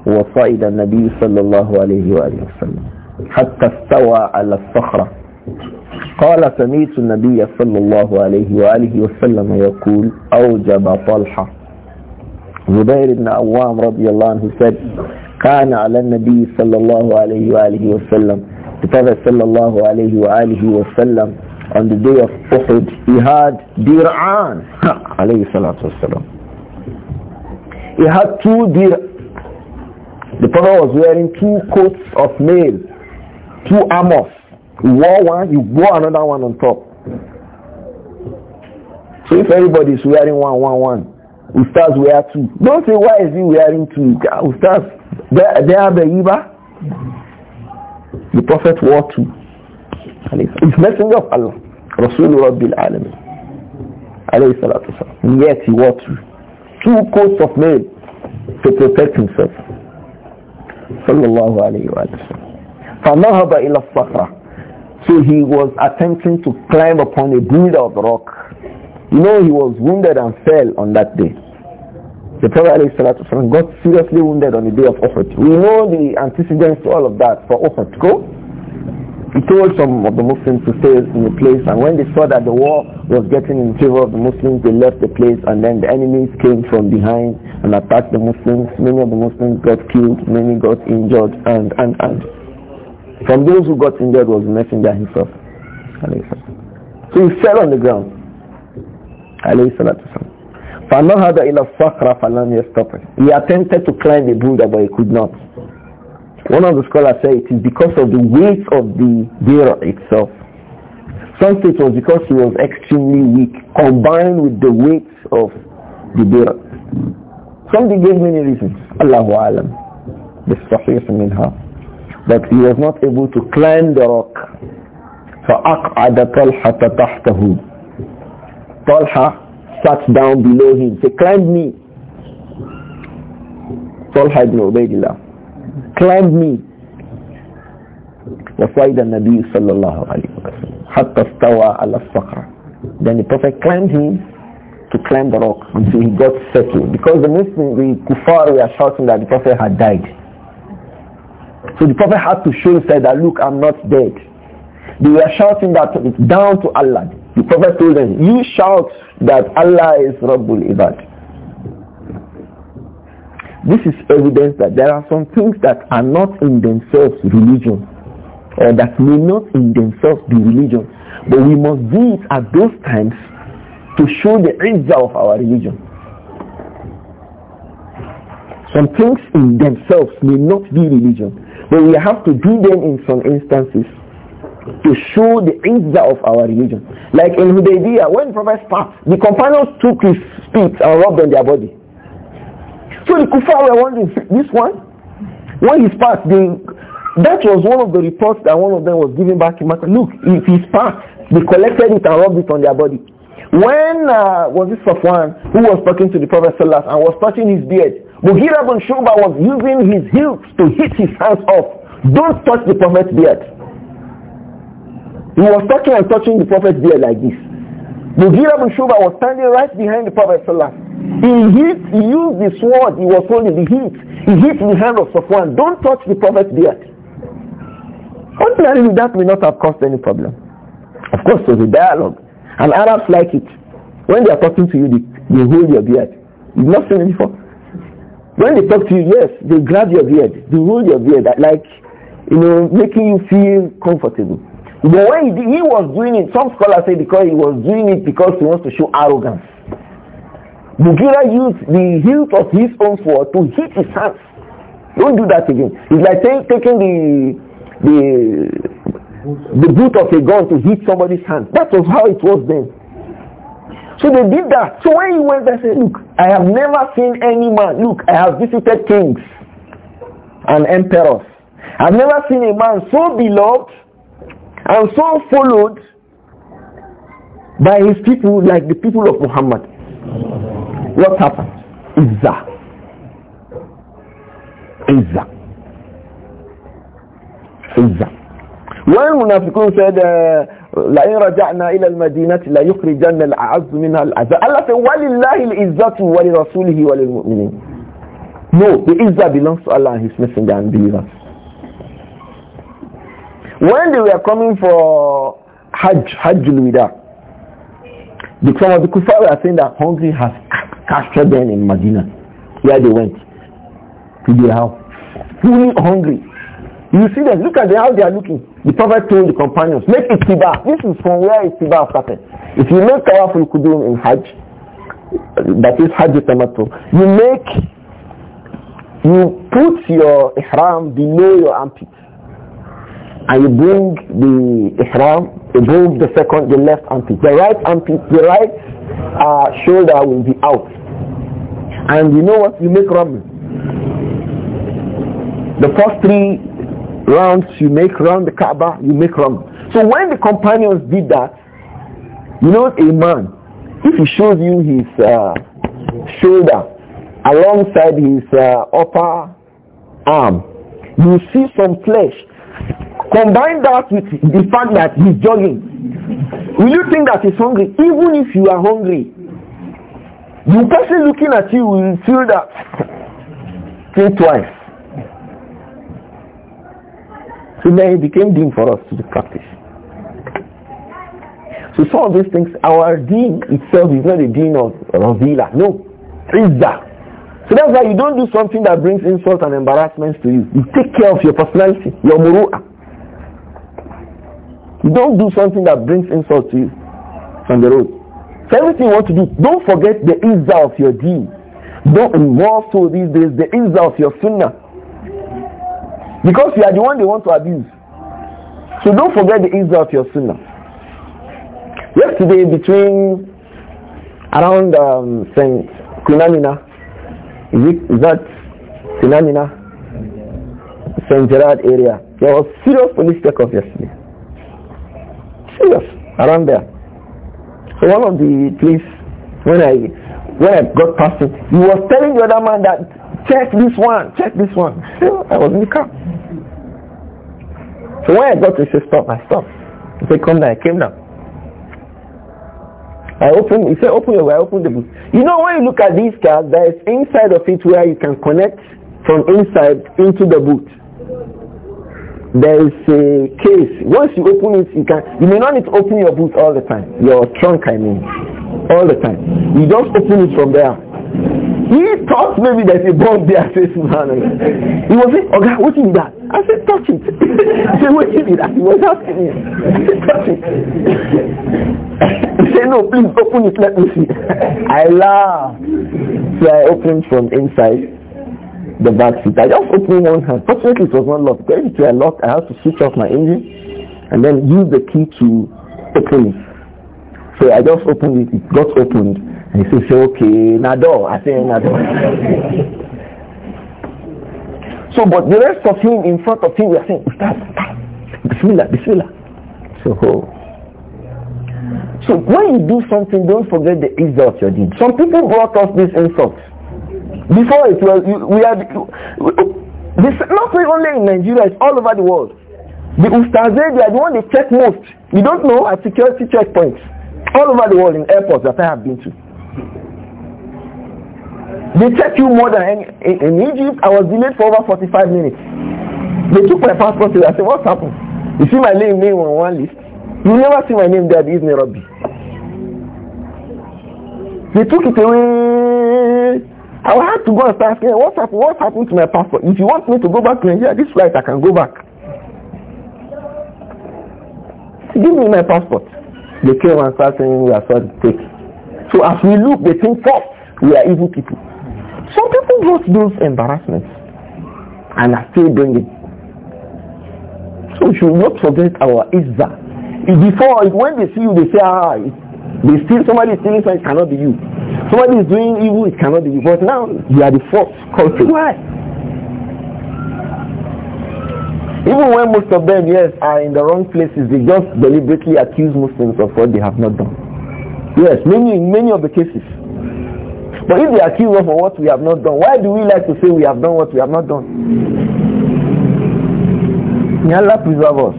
وصعد النبي صلى الله عليه وآله وسلم حتى استوى على الصخرة قال سمعت النبي صلى الله عليه وآله وسلم يقول أوجب طلحة زبير بن عوام رضي الله عنه said كان على النبي صلى الله عليه وآله وسلم the صلى الله عليه وآله وسلم on the day of Uhud he had dir'an عليه الصلاة والسلام he had two dir the Prophet was wearing two coats of mail two armors you wore one you wore another one on top so if everybody is wearing one one one Ustaz wear two don't say why is he wearing two ah, Ustaz there, are the Iba, the Prophet walked. two. it's messenger of Allah, Rasulullah Rabbil Alamin. Alayhi salatu wasalam. Yet he walked two. Two coats of mail to protect himself. Sallallahu alayhi wa فَنَهَبَ So he was attempting to climb upon a boulder of rock. You know, he was wounded and fell on that day. The Prophet ﷺ got seriously wounded on the day of Uhud. We know the antecedents to all of that for Uhud. Go. He told some of the Muslims to stay in a place and when they saw that the war was getting in favor of the Muslims, they left the place and then the enemies came from behind and attacked the Muslims. Many of the Muslims got killed, many got injured and, and, and. From those who got injured was the messenger himself. So he fell on the ground. فَنَهَدَ إِلَى الصَّخْرَ فَلَمْ يَسْتَطِعْ He attempted to climb the boulder, but he could not. One of the scholars said it is because of the weight of the bear itself. Some say it was because he was extremely weak, combined with the weight of the bear. Some gave many reasons. Allahu alam. The Sahih minha. But he was not able to climb the rock. فَأَقْعَدَ طَلْحَةَ تَحْتَهُ طَلْحَة sat down below him. Say, climb me. Talha ibn Ubaidillah. Climb me. وصيد النبي صلى الله عليه وسلم حتى استوى على الصخرة. Then the Prophet climbed him to climb the rock until he got settled. Because the Muslims, the kuffar were shouting that the Prophet had died. So the Prophet had to show himself that look, I'm not dead. They were shouting that down to Allah. The Prophet told them, you shout that Allah is Rabbul Ibad. This is evidence that there are some things that are not in themselves religion or that may not in themselves be religion. But we must do it at those times to show the izzah of our religion. Some things in themselves may not be religion, but we have to do them in some instances to show the izzah of our religion. Like in Hudaybiyah, when Prophet passed, the companions took his spit and rubbed on their body. So the kuffar were wondering, this one? When he passed, they, that was one of the reports that one of them was giving back in Makkah. Look, if he's passed, they collected it and rubbed it on their body. When uh, was this Safwan who was talking to the Prophet Sallallahu and was touching his beard? Mughira ibn Shuba was using his heels to hit his hands off. Don't touch the Prophet's beard. He was talking and touching the prophet's beard like this. Mughira bin Shuba was standing right behind the Prophet He hit, he used the sword he was holding, the hit, he hit the hand of Safwan. Don't touch the Prophet's beard. Ordinarily that may not have caused any problem. Of course there's a dialogue. And Arabs like it. When they are talking to you, they, they hold your beard. You've not seen it before. When they talk to you, yes, they grab your beard. They hold your beard like, you know, making you feel comfortable. The way he was doing it, some scholars say because he was doing it because he wants to show arrogance. Mugira used the hilt of his own sword to hit his hands. Don't do that again. It's like taking the the the boot of a gun to hit somebody's hand. That was how it was then. So they did that. So when he went there, said, look, I have never seen any man. Look, I have visited kings and emperors. I've never seen a man so beloved and so followed by his people like the people of Muhammad. What happened? Izzah. Izzah. Izzah. When Munafiqun said, لَإِنْ رَجَعْنَا إِلَى الْمَدِينَةِ لَيُخْرِجَنَّ الْأَعَزُّ مِنْهَا الْأَذَى Allah said, وَلِلَّهِ الْإِزَّةُ وَلِرَسُولِهِ وَلِلْمُؤْمِنِينَ No, the Izzah belongs to Allah and His Messenger and believers. When they were coming for Hajj, Hajjul Wida, the some of the Kufar were saying that hungry has captured them in Medina, where they went to their house, fully hungry. You see them, look at the, how they are looking. The Prophet told the companions, make it ittiba. This is from where it ittiba started. If you make tawaful kudum in Hajj, that is Hajj Tamato, you make, you put your ihram below your amput." and you bring the ihram above the second, the left armpit. The right armpit, the right uh, shoulder will be out. And you know what? You make rumble. The first three rounds you make round the Kaaba, you make rumble. So when the companions did that, you know a man, if he shows you his uh, shoulder alongside his uh, upper arm, you see some flesh Combine that with the fact that he's jogging. Will you think that he's hungry? Even if you are hungry, the person looking at you will feel that. Think twice. So then it became dean for us to practice. So some of these things, our dean itself is not a dean of Ravila. No. that? So that's why you don't do something that brings insult and embarrassment to you. You take care of your personality, your muru'ah. Don't do something that brings insult to you on the road. So everything you want to do, don't forget the izza of your deed. Don't involve so these days the izza of your sunnah. Because you are the one they want to abuse. So don't forget the izza of your sunnah. Yesterday between around um, St. Kunamina, is, it, is that Kunamina? St. Gerard area. There was serious police check-off yesterday. Yes, around there. So one of the place when I when I got past it, he was telling the other man that check this one, check this one. Still, I was in the car. So when I got to say stop, I stopped. He said come down, I came down. I opened, he said open your way, I opened the boot. You know when you look at these cars, there is inside of it where you can connect from inside into the boot there is a case. Once you open it, you can. You may not need to open your boot all the time. Your trunk, I mean, all the time. You just open it from there. He thought maybe there's a bomb there. I man. He was saying, God, what is that? I said, touch it. I said, what is that? He was asking me. touch it. he said, no, please open it, let me see. I laugh. So I opened from inside the back seat. I just opened one hand. Fortunately, it was not locked. I had to switch off my engine and then use the key to open it. So I just opened it. It got opened. And he said, okay, Nado. I said, Nado. so, but the rest of him, in front of him, we are saying, Ustaz, Bismillah, Bismillah. So, oh. so when you do something, don't forget the ease of your deed. Some people brought us this insult. Before it was, we had, this, not only in Nigeria, it's all over the world. The Ustaze, they are the one they check most. You don't know at security checkpoints. All over the world in airports that I have been to. They check you more than any, in, in Egypt, I was delayed for over 45 minutes. They took my passport I said, what's happened? You see my name, name on one list. You never see my name there, this Nairobi. They took it away I will have to go and start asking, what's happened, what's happened to my passport? If you want me to go back to Nigeria, this flight, I can go back. Give me my passport. They came and started saying, we are sorry, take So as we look, they think first, we are evil people. Some people brought those embarrassments and are still it. So we should not forget our Izzah. Before, when they see you, they say, ah, they steal, somebody stealing something, cannot be you. Somebody is doing evil, it cannot be. But now you are the fourth culprit. Why? Even when most of them, yes, are in the wrong places, they just deliberately accuse Muslims of what they have not done. Yes, many in many of the cases. But if they accuse us of what we have not done, why do we like to say we have done what we have not done? May Allah preserve us.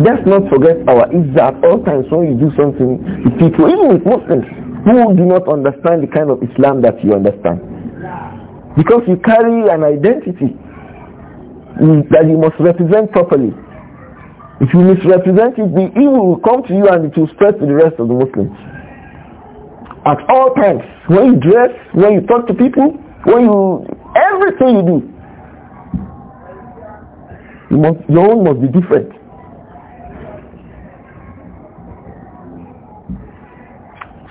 Let's not forget our Izzat at all times when you do something with people, even with Muslims who do not understand the kind of Islam that you understand. Because you carry an identity that you must represent properly. If you misrepresent it, the evil will come to you and it will spread to the rest of the Muslims. At all times, when you dress, when you talk to people, when you, everything you do, you must, your own must be different.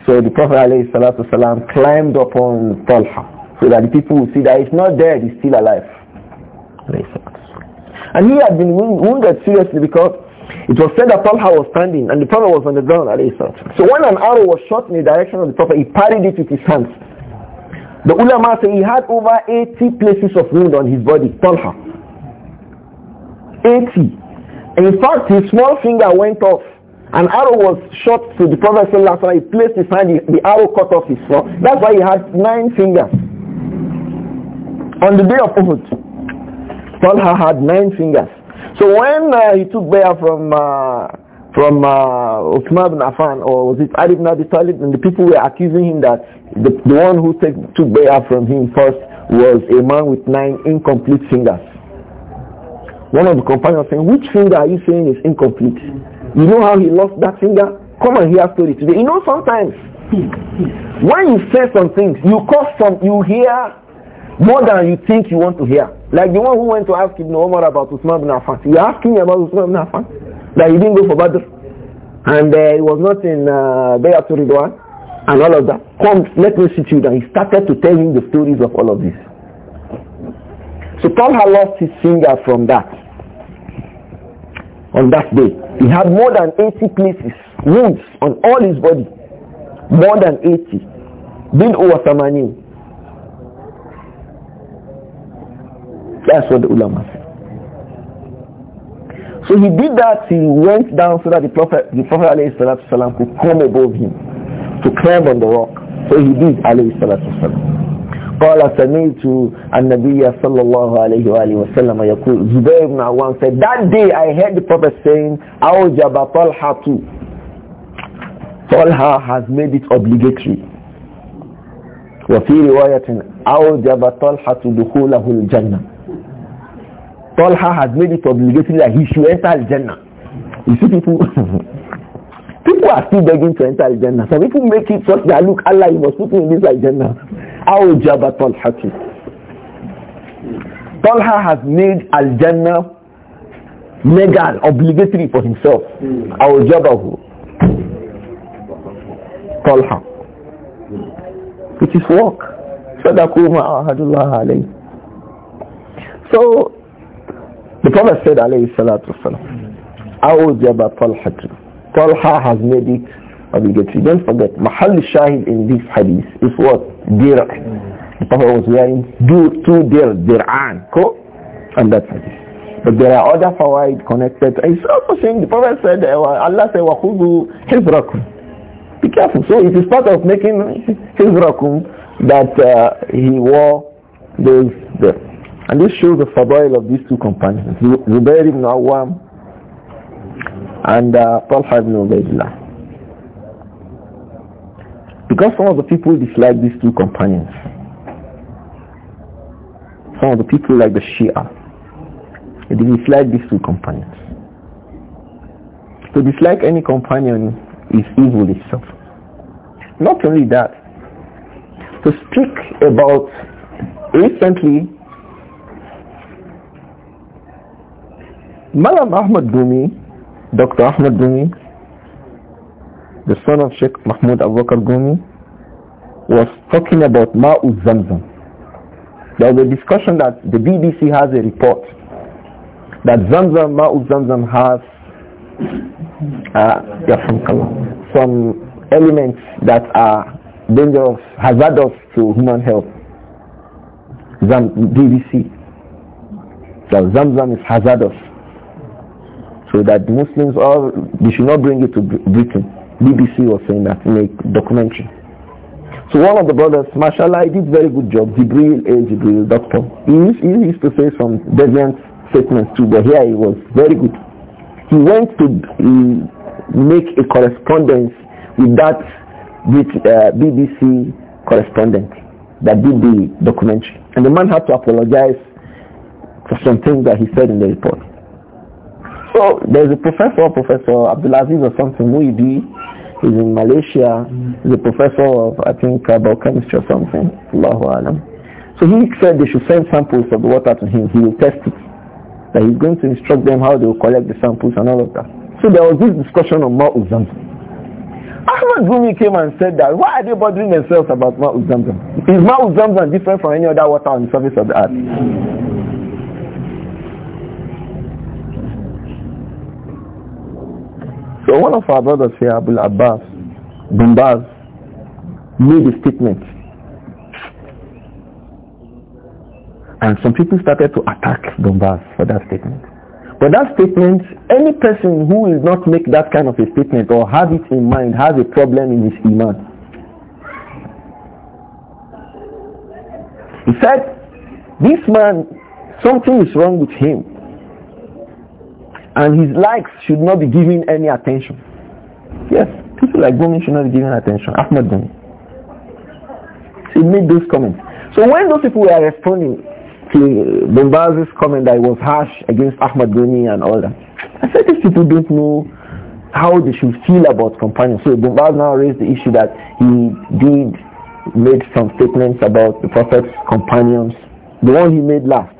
So the Prophet ﷺ climbed upon Talha so that the people would see that he's not dead, he's still alive. And he had been wounded seriously because it was said that Talha was standing and the Prophet was on the ground. So when an arrow was shot in the direction of the Prophet, he parried it with his hands. The ulama say he had over 80 places of wound on his body, Talha. 80. In fact, his small finger went off an arrow was shot to the Prophet Sallallahu Alaihi Wasallam. He placed his hand, the arrow cut off his foot. That's why he had nine fingers. On the day of Uhud, Talha had nine fingers. So when uh, he took Bayah from uh, from uh, Uthman Affan, or was it Ali bin Abi Talib, and the people were accusing him that the, the one who take, took Bayah from him first was a man with nine incomplete fingers. One of the companions saying, which finger are you saying is incomplete? You know how he lost that finger? Come and hear story today. You know sometimes when you say some things, you cause some, you hear more than you think you want to hear. Like the one who went to ask Ibn Omar about Usman bin Affan. You asked him about Usman bin Affan that he didn't go for Badr and uh, he was not in uh, Bayatul Ridwan and all of that. Come, let me sit you down. He started to tell him the stories of all of this. So Talha lost his finger from that on that day. He had more than 80 places, wounds on all his body. More than 80. Bin Uwasamani. That's what the ulama said. So he did that he went down so that the Prophet, the Prophet ﷺ could come above him, to climb on the rock. So he did alayhi salatu salam. قال سمعت النبي صلى الله عليه وآله وسلم يقول said that day I heard the prophet saying أوجب طلحة Talha has made it obligatory وفي رواية أوجب طلحة دخوله الجنة Talha has made it obligatory that he should enter Jannah. You see people People are still begging to enter Jannah. Some people make it such that, look, Allah, you must put me in this Jannah. How Jabba Talha Talha has made Al-Jannah legal, obligatory for himself. Our Jabbahu. Talha. It is work. So, the Prophet said alayhi salatu wasalam, أوجب طلحة Talha has made it obligatory. Don't forget, Mahal Shahid in this hadith is what? Dir. The Prophet was wearing two dir, dir'an, ko? And that's hadith. But there are other fawaid connected. It's also saying the Prophet said, eh, Allah said, وَخُذُوا حِذْرَكُمْ Be careful. So it is part of making hizrakum that uh, he wore those there. And this shows the fadail of these two companions, Zubair ibn Awam and uh, Talha ibn Ubaidullah. Because some of the people dislike these two companions. Some of the people like the Shia, they dislike these two companions. To dislike any companion is evil itself. Not only that, to speak about recently, Malam Ahmad Dumi. Dr. Ahmed Gumi, the son of Sheikh Mahmoud Abu Bakr Gumi, was talking about Ma'uz Zamzam. There was a discussion that the BBC has a report that Zamzam, Ma'uz Zamzam has uh, some elements that are dangerous, hazardous to human health. Zam, BBC. So Zamzam is hazardous. So that Muslims all, they should not bring it to Britain. BBC was saying that in a documentary. So one of the brothers, mashallah, he did very good job. Jibril A. Eh, Jibril, doctor. He used, he used to say some deviant statements too, but here he was very good. He went to he, make a correspondence with that with, uh, eh, BBC correspondent that did the documentary. And the man had to apologize for some things that he said in the report. So there's a professor, Professor Abdulaziz or something, Muidi, he's in Malaysia, he's a professor of, I think, biochemistry or something, Allahu Alam. So he said they should send samples of the water to him, he will test it. That he's going to instruct them how they will collect the samples and all of that. So there was this discussion on Ma'u Zamzam. Ahmad Gumi came and said that, why are they bothering themselves about Ma'u Zamzam? Is Ma'u Zamzam different from any other water on the surface of the earth? So one of our brothers here, Abul Abbas, bin made a statement. And some people started to attack Dombas for that statement. But that statement, any person who will not make that kind of a statement or have it in mind has a problem in his iman. He said, this man, something is wrong with him. And his likes should not be given any attention. Yes, people like Gumi should not be given attention. Ahmed Gumi. He made those comments. So when those people were responding to Bombaz's comment that was harsh against Ahmed Gumi and all that, I said these people don't know how they should feel about companions. So Bombaz now raised the issue that he did made some statements about the Prophet's companions, the one he made last.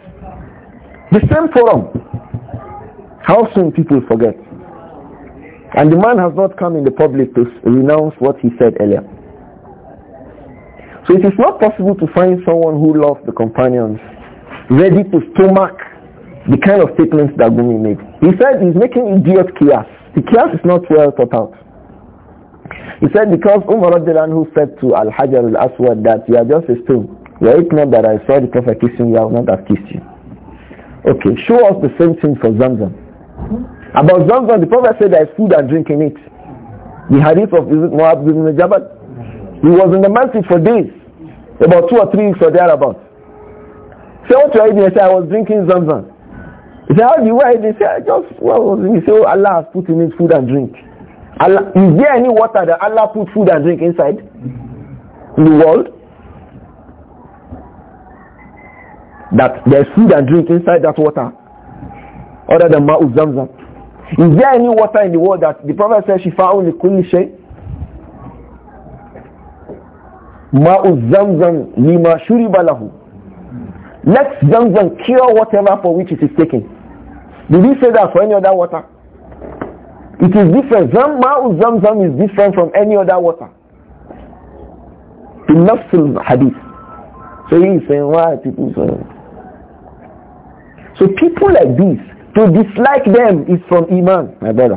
The same forum, how soon people forget. And the man has not come in the public to renounce what he said earlier. So it is not possible to find someone who loves the companions ready to stomach the kind of statements that Gumi made. He said he's making idiot kias. The kias is not well thought out. He said because Umar who said to Al-Hajar al-Aswad that you are just a stone. You are ignorant that I saw the Prophet kissing you, I will not have kissed you. Okay, show us the same thing for Zamzam. About Zamzam, the Prophet said there is food and drink in it. The hadith of Mu'ab ibn Jabal. He was in the masjid for days, about two or three weeks or thereabouts. So what you eating? I said, I was drinking Zamzam. He said, how do you were He said, I just, well, he said, oh, Allah has put in it food and drink. Allah, is there any water that Allah put food and drink inside in the world? That there's food and drink inside that water other than Ma'u Zamzam. Is there any water in the world that the Prophet said she found the kulli shay? Ma'u lima shuriba lahu. Let zamzam cure whatever for which it is taken. Did he say that for any other water? It is different. Zam, ma'u zamzam is different from any other water. In nafsul hadith. So he is saying, why people So people like this, to dislike them is from Iman, my brother.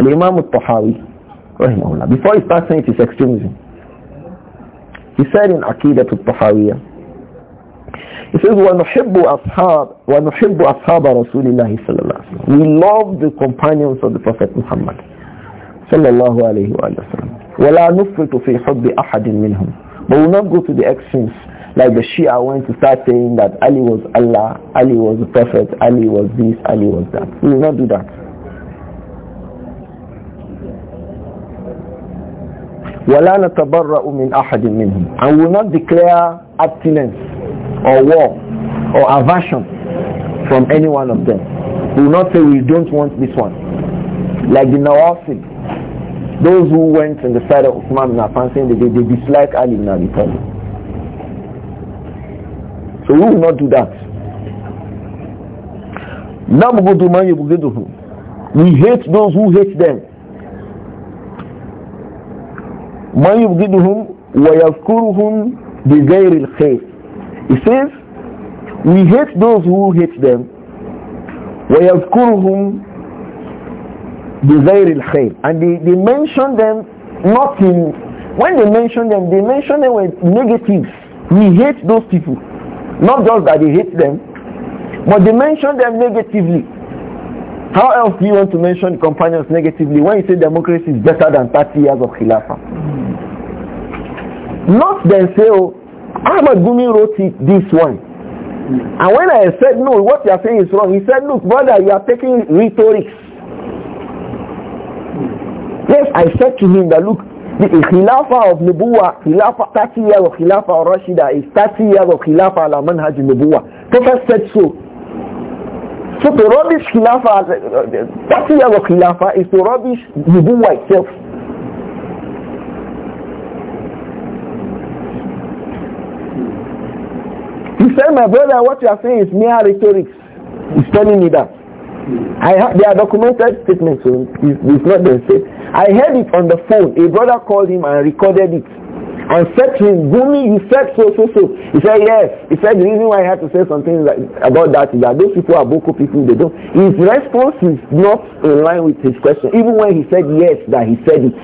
Al-Imam al-Tahawi, before he starts saying it is extremism, he said in Aqidat al-Tahawiyah, he says, وَنُحِبُّ أَصْحَابَ رَسُولِ اللَّهِ صَلَى اللَّهُ عَلَيْهِ وَسَلَّمَ We love the companions of the Prophet Muhammad صلى الله عليه وآله وسلم وَلَا نُفْرِطُ فِي حُبِّ أَحَدٍ مِّنْهُمْ But we will not go to the extremes like the Shia went to start saying that Ali was Allah, Ali was the Prophet, Ali was this, Ali was that. We will not do that. We will not declare abstinence or war or aversion from any one of them we will not say we don't want this one like the Nawasib those who went on the side of Uthman ibn saying that they, they dislike Ali ibn Abi Talib so we will not do that. We hate those who hate them. من يبغضهم ويذكرهم بغير الخير He says, we hate those who hate them ويذكرهم بغير الخير And they, they mention them not in, when they mention them, they mention them with negatives. We hate those people. Not just that he hates them, but they mention them negatively. How else do you want to mention companions negatively when you say democracy is better than 30 years of Khilafah? Not then say, oh, Ahmad Gumi wrote it this one. And when I said, no, what you are saying is wrong, he said, look, brother, you are taking rhetorics. Yes, I said to him that, look, The Khilafah of Nubuwa, Khilafah 30 year of Khilafah al Rashida is 30 سو of خلافه al وخلافه Nubuwa. Prophet said so. So rubbish is rubbish itself. He said, my brother, what you are saying is mere rhetoric. He's telling me that. I ha- they are documented statements, so it's, it's not the same. I heard it on the phone. A brother called him and recorded it and said to him, Gumi, you said so, so, so. He said, yes. He said, the reason why I had to say something about that is that those people are Boko people, they don't. His response is not in line with his question, even when he said yes, that he said it.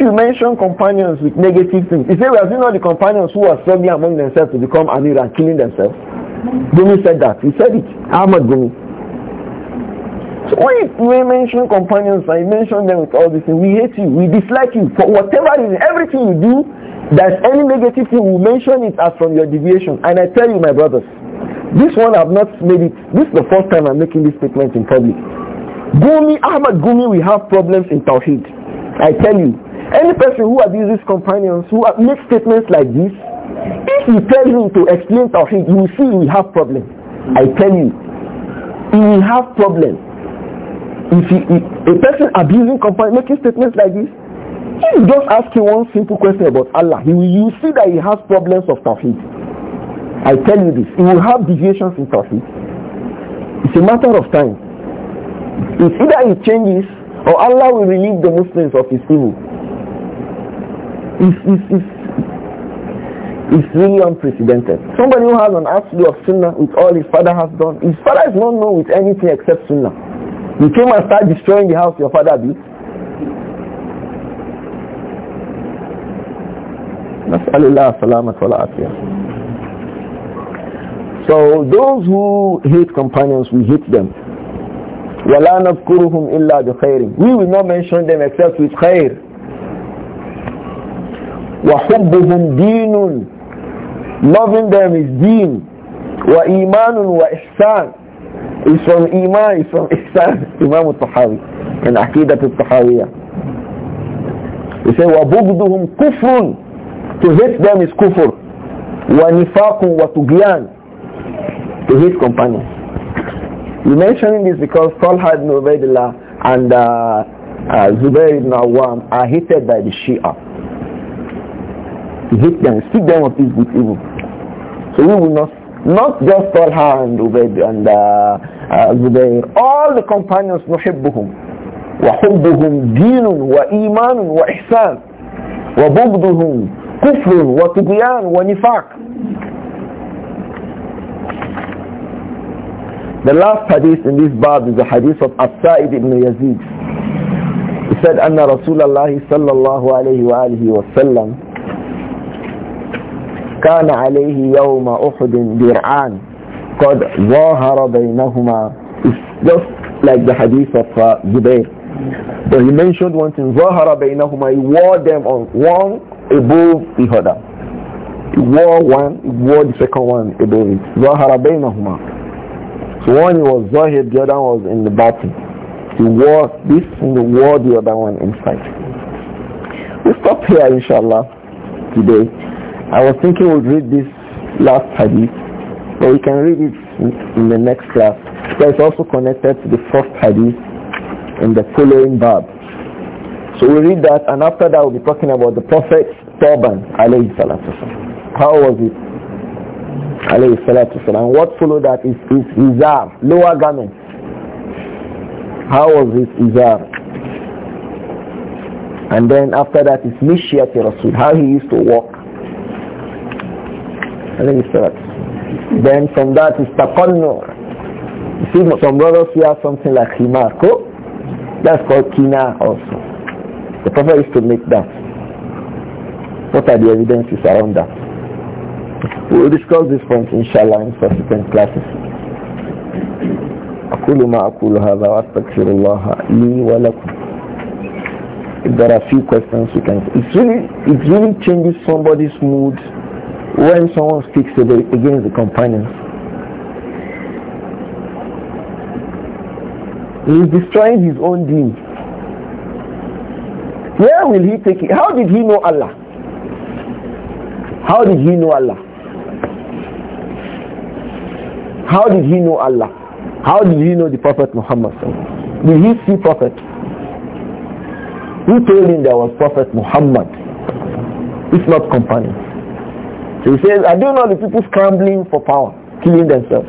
you mention companions with negative things, you say, Was you not the companions who are struggling among themselves to become Amir and killing themselves? Gumi said that. He said it. Ahmad Gumi. So when we mention companions I mention them with all these things, we hate you, we dislike you for whatever reason, everything you do, there's any negative thing, we mention it as from your deviation. And I tell you, my brothers, this one I've not made it, this is the first time I'm making this statement in public. Gumi, Ahmad Gumi, we have problems in Tawheed. I tell you, any person who abuses companions, who makes statements like this, if you tell him to explain him you will see he have problem. I tell you, he will have problem. If, he, if a person abusing companion, making statements like this, if you just ask him one simple question about Allah, he will, you will see that he has problems of Tawheed. I tell you this, he will have deviations in Tawheed. It's a matter of time. It's either he changes or Allah will relieve the Muslims of his evil. It's, really unprecedented. Somebody who has an act of sunnah with all his father has done, his father is not known with anything except sunnah. You came and start destroying the house your father built. So those who hate companions, we hate them. We will not mention them except with khair. وحبهم دين loving them is deen وإيمان وإحسان is from iman is from ihsan imam al-tahawi in aqidat he said وَبُغْضُهُمْ كُفْرٌ to hate them is kufr وَنِفَاقٌ وَتُغْيَان to hate companions you mentioning this because Talha ibn Ubaidillah and uh, uh, Zubair ibn Awam are hated by the Shia to hate them. Speak them of this good evil. So we will not not just Talha and Ubaid and uh, uh, All the companions نحبهم وحبهم دين وإيمان وإحسان وبغضهم كفر وطغيان ونفاق The last hadith in this bab is the hadith of As-Sa'id ibn Yazid. He said, أن رسول الله صلى الله عليه وآله وسلم كان عليه يوم أحد درعان قد ظاهر بينهما It's just like the hadith of uh, Zubayr. But he mentioned one thing, ظاهر بينهما, he wore them on one above the other. He wore one, he wore the second one above it. ظاهر بينهما. So one he was Zahir, the other was in the bottom. He wore this and he wore the other one inside. We stop here inshallah today. I was thinking we'd read this last hadith, but we can read it in the next class. That is also connected to the first hadith in the following bab. So we read that, and after that we'll be talking about the Prophet's turban, alayhi salatu How was it? Alayhi salatu And what followed that is his izar, lower garment. How was his izar? And then after that is mishyati rasul, how he used to walk. Then from that is taqannu. See, some brothers wear something like khimar. That's called kina also. The Prophet used to make that. What are the evidences around that? We will discuss this point inshallah in subsequent classes. أقول ما أقول هذا وأستغفر الله لي ولكم If there are few questions you can It really it really changes somebody's mood when someone speaks the, against the companions, he is destroying his own deen. Where will he take it? How did he know Allah? How did he know Allah? How did he know Allah? How did he know the Prophet Muhammad? Did he see Prophet? Who told him there was Prophet Muhammad? It's not companions. So he says, I don't know the people scrambling for power, killing themselves.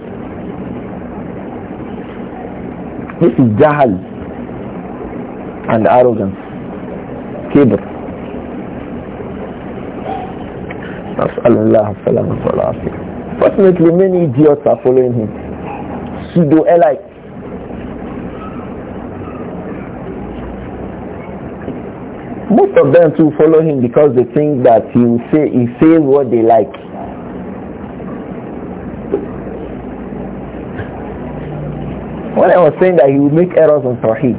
This is jahal and arrogance, kibr. Fortunately, many idiots are following him. Pseudo-elites Most of them to follow him because they think that he will say he says what they like. When I was saying that he will make errors on Tawheed,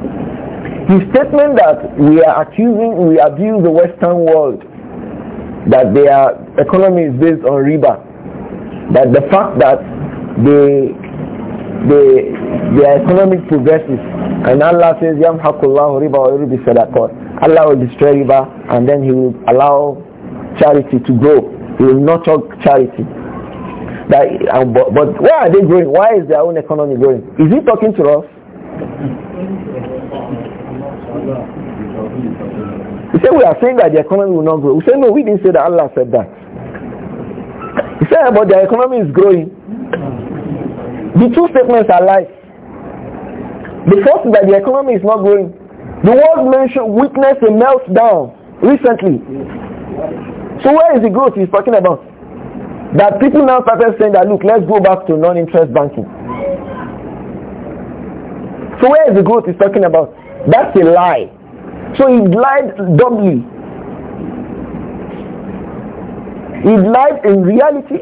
his statement that we are accusing, we abuse the Western world, that their economy is based on riba, that the fact that they the the economic progresses. And Allah says, yam اللَّهُ riba wa yuribi sadaqat. Allah will destroy riba and then He will allow charity to grow. He will not talk charity. That, um, but, but why are they growing? Why is their own economy growing? Is He talking to us? He said, we are saying that the economy will not grow. We say, no, we didn't say that Allah said that. He said, but the economy is growing. The two statements are lies. The first is that the economy is not growing. The world mentioned witnessed a meltdown recently. So where is the growth he's talking about? That people now started saying that look, let's go back to non-interest banking. So where is the growth he's talking about? That's a lie. So he lied doubly. He lied in reality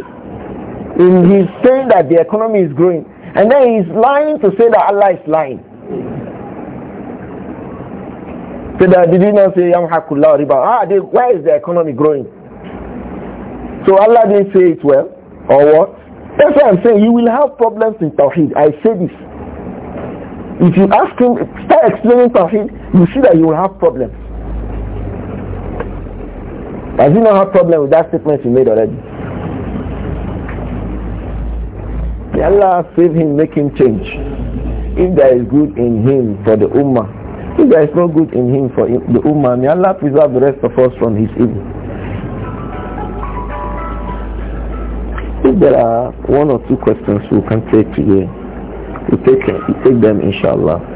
in his saying that the economy is growing. And then he's lying to say that Allah is lying. So that did you not say Yamhakullah riba? Ah, they, why is the economy growing? So Allah didn't say it well, or what? That's why I'm saying you will have problems in Tawheed. I say this. If you ask him, start explaining Tawheed, you see that you will have problems. Does he not have problems with that statement you made already? May Allah save him, make him change. If there is good in him for the Ummah, if there is no good in him for the Ummah, may Allah preserve the rest of us from his evil. If there are one or two questions we can take today, we take, we take them inshallah.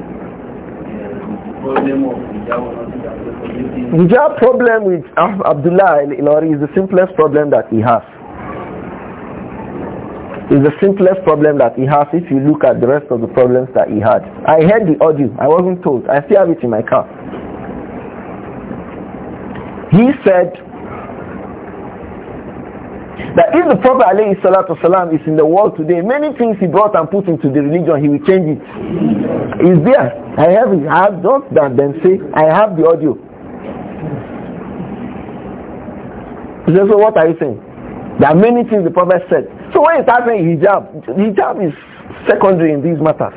Hijab problem with Abdullah Ilori is the simplest problem that he has. It's the simplest problem that he has if you look at the rest of the problems that he had. I heard the audio. I wasn't told. I still have it in my car. He said that if the Prophet alayhi salatu salam is in the world today, many things he brought and put into the religion, he will change it. Is there. I have it. I have done that. Then say, I have the audio. So what are you saying? There are many things the Prophet said. So when you start hijab, hijab is secondary in these matters.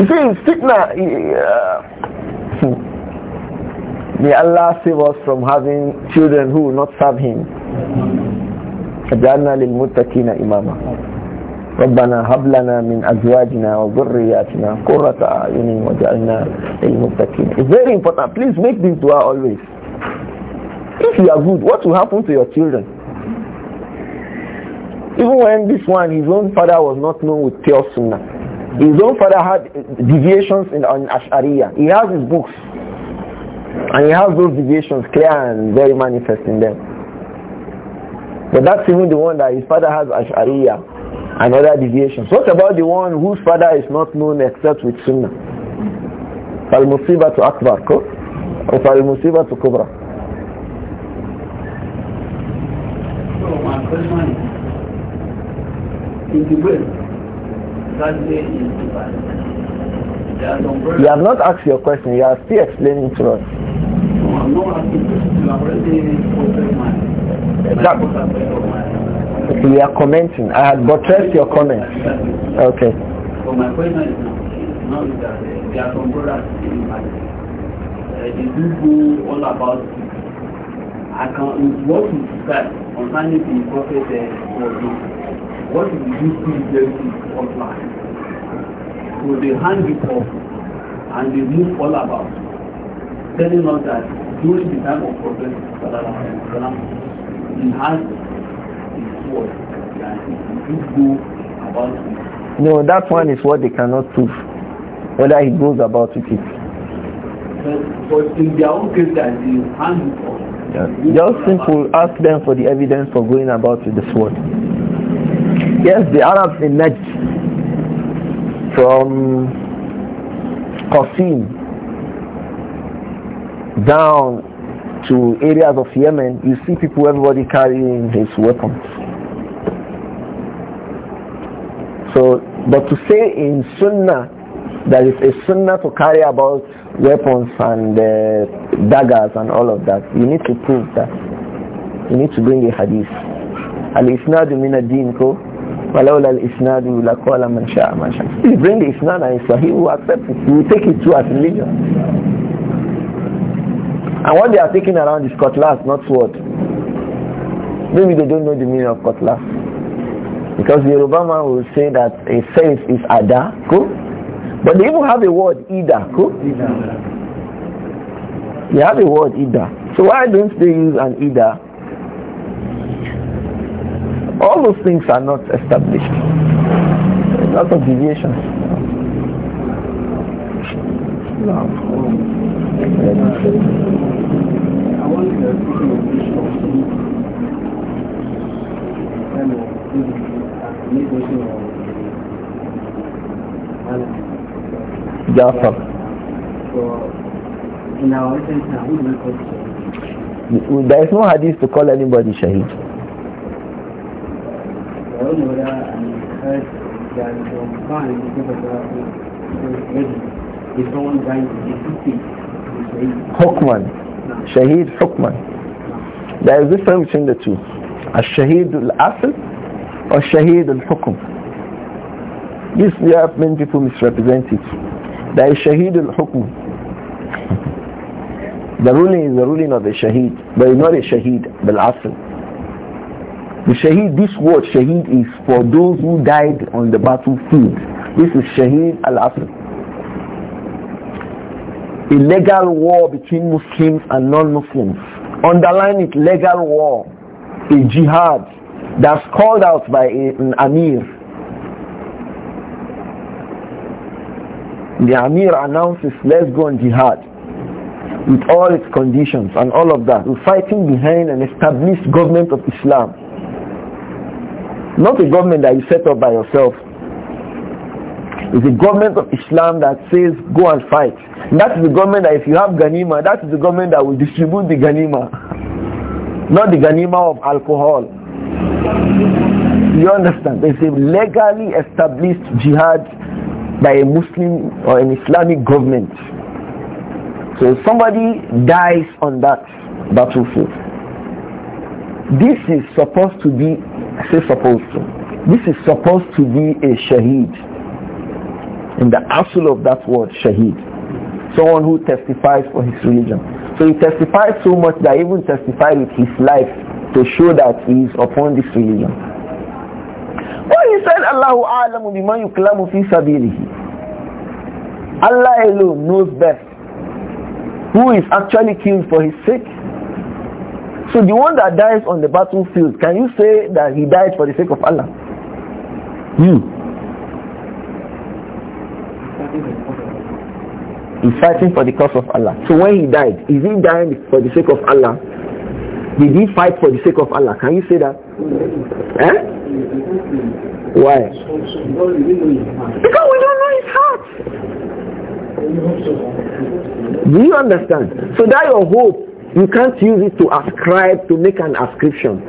You see, fitna, uh, may Allah save us from having children who will not serve him. فجعلنا للمتقين إماما ربنا هب لنا من أزواجنا وذرياتنا قرة أعين وجعلنا للمتقين It's very important. Please make this dua always. If you are good, what will happen to your children? Even when this one, his own father was not known with pure sunnah. His own father had deviations in, on Ash'ariya. He has his books. And he has those deviations clear and very manifest in them. But that's even the one that his father has Ash'ariya and other deviations. What about the one whose father is not known except with Sunnah? Al-Musiba to Akbar, Or Al-Musiba to Kubra? you have not asked your question. You are still explaining to us. No, I'm not asking that, we are commenting. I had buttressed your comment. Okay. But my point is now, is that there are some brothers in They do go all about I can what you describe concerning the prophet was not. What do you see them online? So they hand it up and they move all about telling us that during the time of Prophet he has his word and he go about it. No, that one is what they cannot prove, whether he goes about with it. But, in their own case that he hands off. Yeah. Just simple, ask them for the evidence for going about with the sword. Yes, the Arabs emerged from Qasim down to areas of Yemen, you see people, everybody carrying his weapons. So, but to say in Sunnah, there is a Sunnah to carry about weapons and uh, daggers and all of that, you need to prove that. You need to bring a hadith. Al-Isnadu min ad-din ko, walawla al-Isnadu laqala man sha'a man sha'a. You bring the Isnad and Sahih, who accepts it. You take it to as religion. And what they are taking around is cutlass, not sword. Maybe they don't know the meaning of cutlass. Because the man will say that a face is ada, cool? But they even have a word, ida, cool? They have a word, ida. So why don't they use an ida? All those things are not established. A lot of deviations. No. Jafar. There is no hadith to call anybody Shaheed. Hukman. Shaheed Hukman. There is a difference between the 2 A Al-Shaheed Al-Asl or Shaheed Al-Hukm. This there are many people misrepresent it. There is Shaheed Al-Hukm. The ruling is the ruling of a Shaheed, but it's not a Shaheed Al-Asl. The Shaheed, this word Shaheed is for those who died on the battlefield. This is Shaheed al Asl a legal war between Muslims and non-Muslims. Underline it, legal war, a jihad that's called out by an Amir. The Amir announces, let's go on jihad with all its conditions and all of that. We're fighting behind an established government of Islam. Not a government that you set up by yourself. It's a government of Islam that says, go and fight. That's the government that if you have ganima, that's the government that will distribute the ganima. Not the ganima of alcohol. You understand? It's a legally established jihad by a Muslim or an Islamic government. So somebody dies on that battlefield. This is supposed to be, I say supposed to, this is supposed to be a shaheed. In the absolute of that word, shaheed someone who testifies for his religion. So he testifies so much that he even testified with his life to show that he is upon this religion. When he said, Allahu a'lamu yuklamu fi Allah alone knows best who is actually killed for his sake. So the one that dies on the battlefield, can you say that he died for the sake of Allah? Hmm. He's fighting for the cause of Allah. So when he died, is he dying for the sake of Allah? Did he fight for the sake of Allah? Can you say that? Eh? Why? Because we don't know his heart. Do you understand? So that your hope, you can't use it to ascribe, to make an ascription.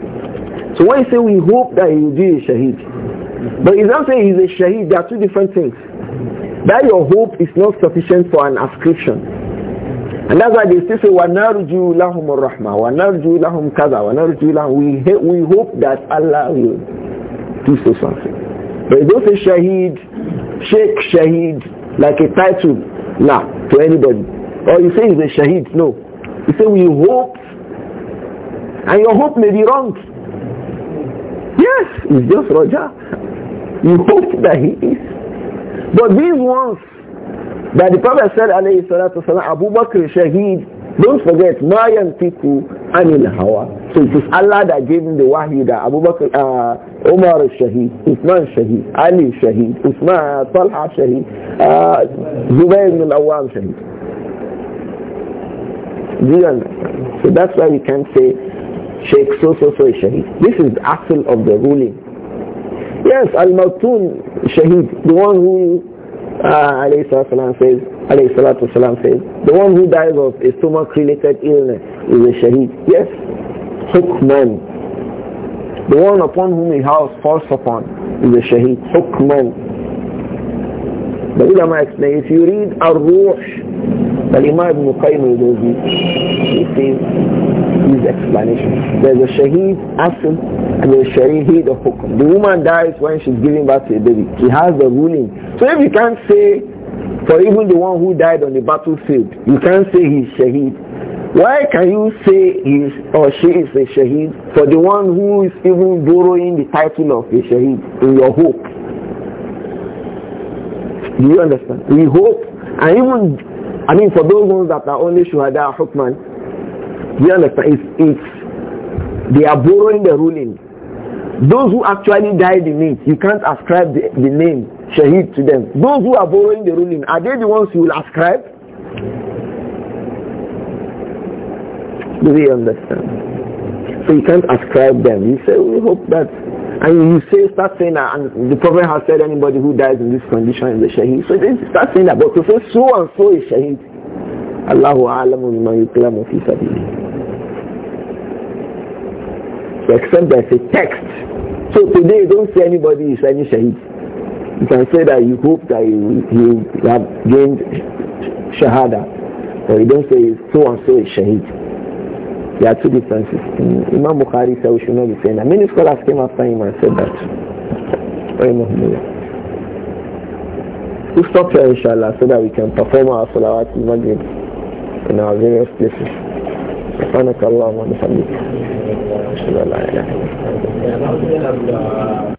So when you say we hope that he will be a shaheed, but Islam saying he's a shaheed, there are two different things. That your hope is not sufficient for an ascription. And that's why they still say, وَنَرْجُوا لَهُمُ الرَّحْمَةِ وَنَرْجُوا لَهُمْ كَذَا وَنَرْجُوا لَهُمْ we, we hope that Allah will do so something. But don't say Shaheed, Sheikh Shaheed, like a title, nah, to anybody. Or you say he's a Shaheed, no. You say we hope, and your hope may be wrong. Yes, it's just Roger. You hope that he is. But these ones that the Prophet said, alayhi salatu wasalam, Abu Bakr Shaheed, don't forget, Mayan Tiku Anil Hawa. So it is Allah that gave him the wahi that Abu Bakr, uh, Umar Shaheed, Uthman Shaheed, Ali Shaheed, Uthman, Talha Shaheed, uh, Zubayr ibn al-Awwam Shaheed. So that's why we can say Sheikh so so so is Shaheed. This is the axle of the ruling. Yes, al mautun Shahid, the one who uh, alayhi salam says, salatu salam says, the one who dies of a stomach-related illness is a shaheed. Yes, hukman. The one upon whom a house falls upon is a shaheed. Hukman. The ulama explain, if you read Ar-Ruh, the Imam Ibn Qayyim al he says, his explanation There's a shaheed asim and there's a shaheed of hukum. The woman dies when she's giving birth to a baby. She has the ruling. So if you can't say for even the one who died on the battlefield, you can't say he's shaheed. Why can you say he or she is a shaheed for the one who is even borrowing the title of a shaheed in your hope? Do you understand? We hope, and even, I mean, for those ones that are only shuhada hukman, do you understand? It's, it's, they are borrowing the ruling. Those who actually died in it, you can't ascribe the, the name Shahid to them. Those who are borrowing the ruling, are they the ones you will ascribe? Do we understand? So you can't ascribe them. You say, we hope that. And you say, start saying that, and the Prophet has said anybody who dies in this condition is a Shaheed. So they start saying that, but to say so and so is Shaheed, Allahu a'lamu bima yuklamu fi sabilihi. except there's a text. So today you don't see anybody is any shaheed. You can say that you hope that you, you have gained shahada. But you don't say so and so is shaheed. There are two differences. Imam Bukhari said we should not be saying that. Many scholars came after him and said that. We'll stop here inshallah so that we can perform our salawat in Maghrib. in our various سبحانك اللهم وبحمدك اشهد ان لا اله الا انت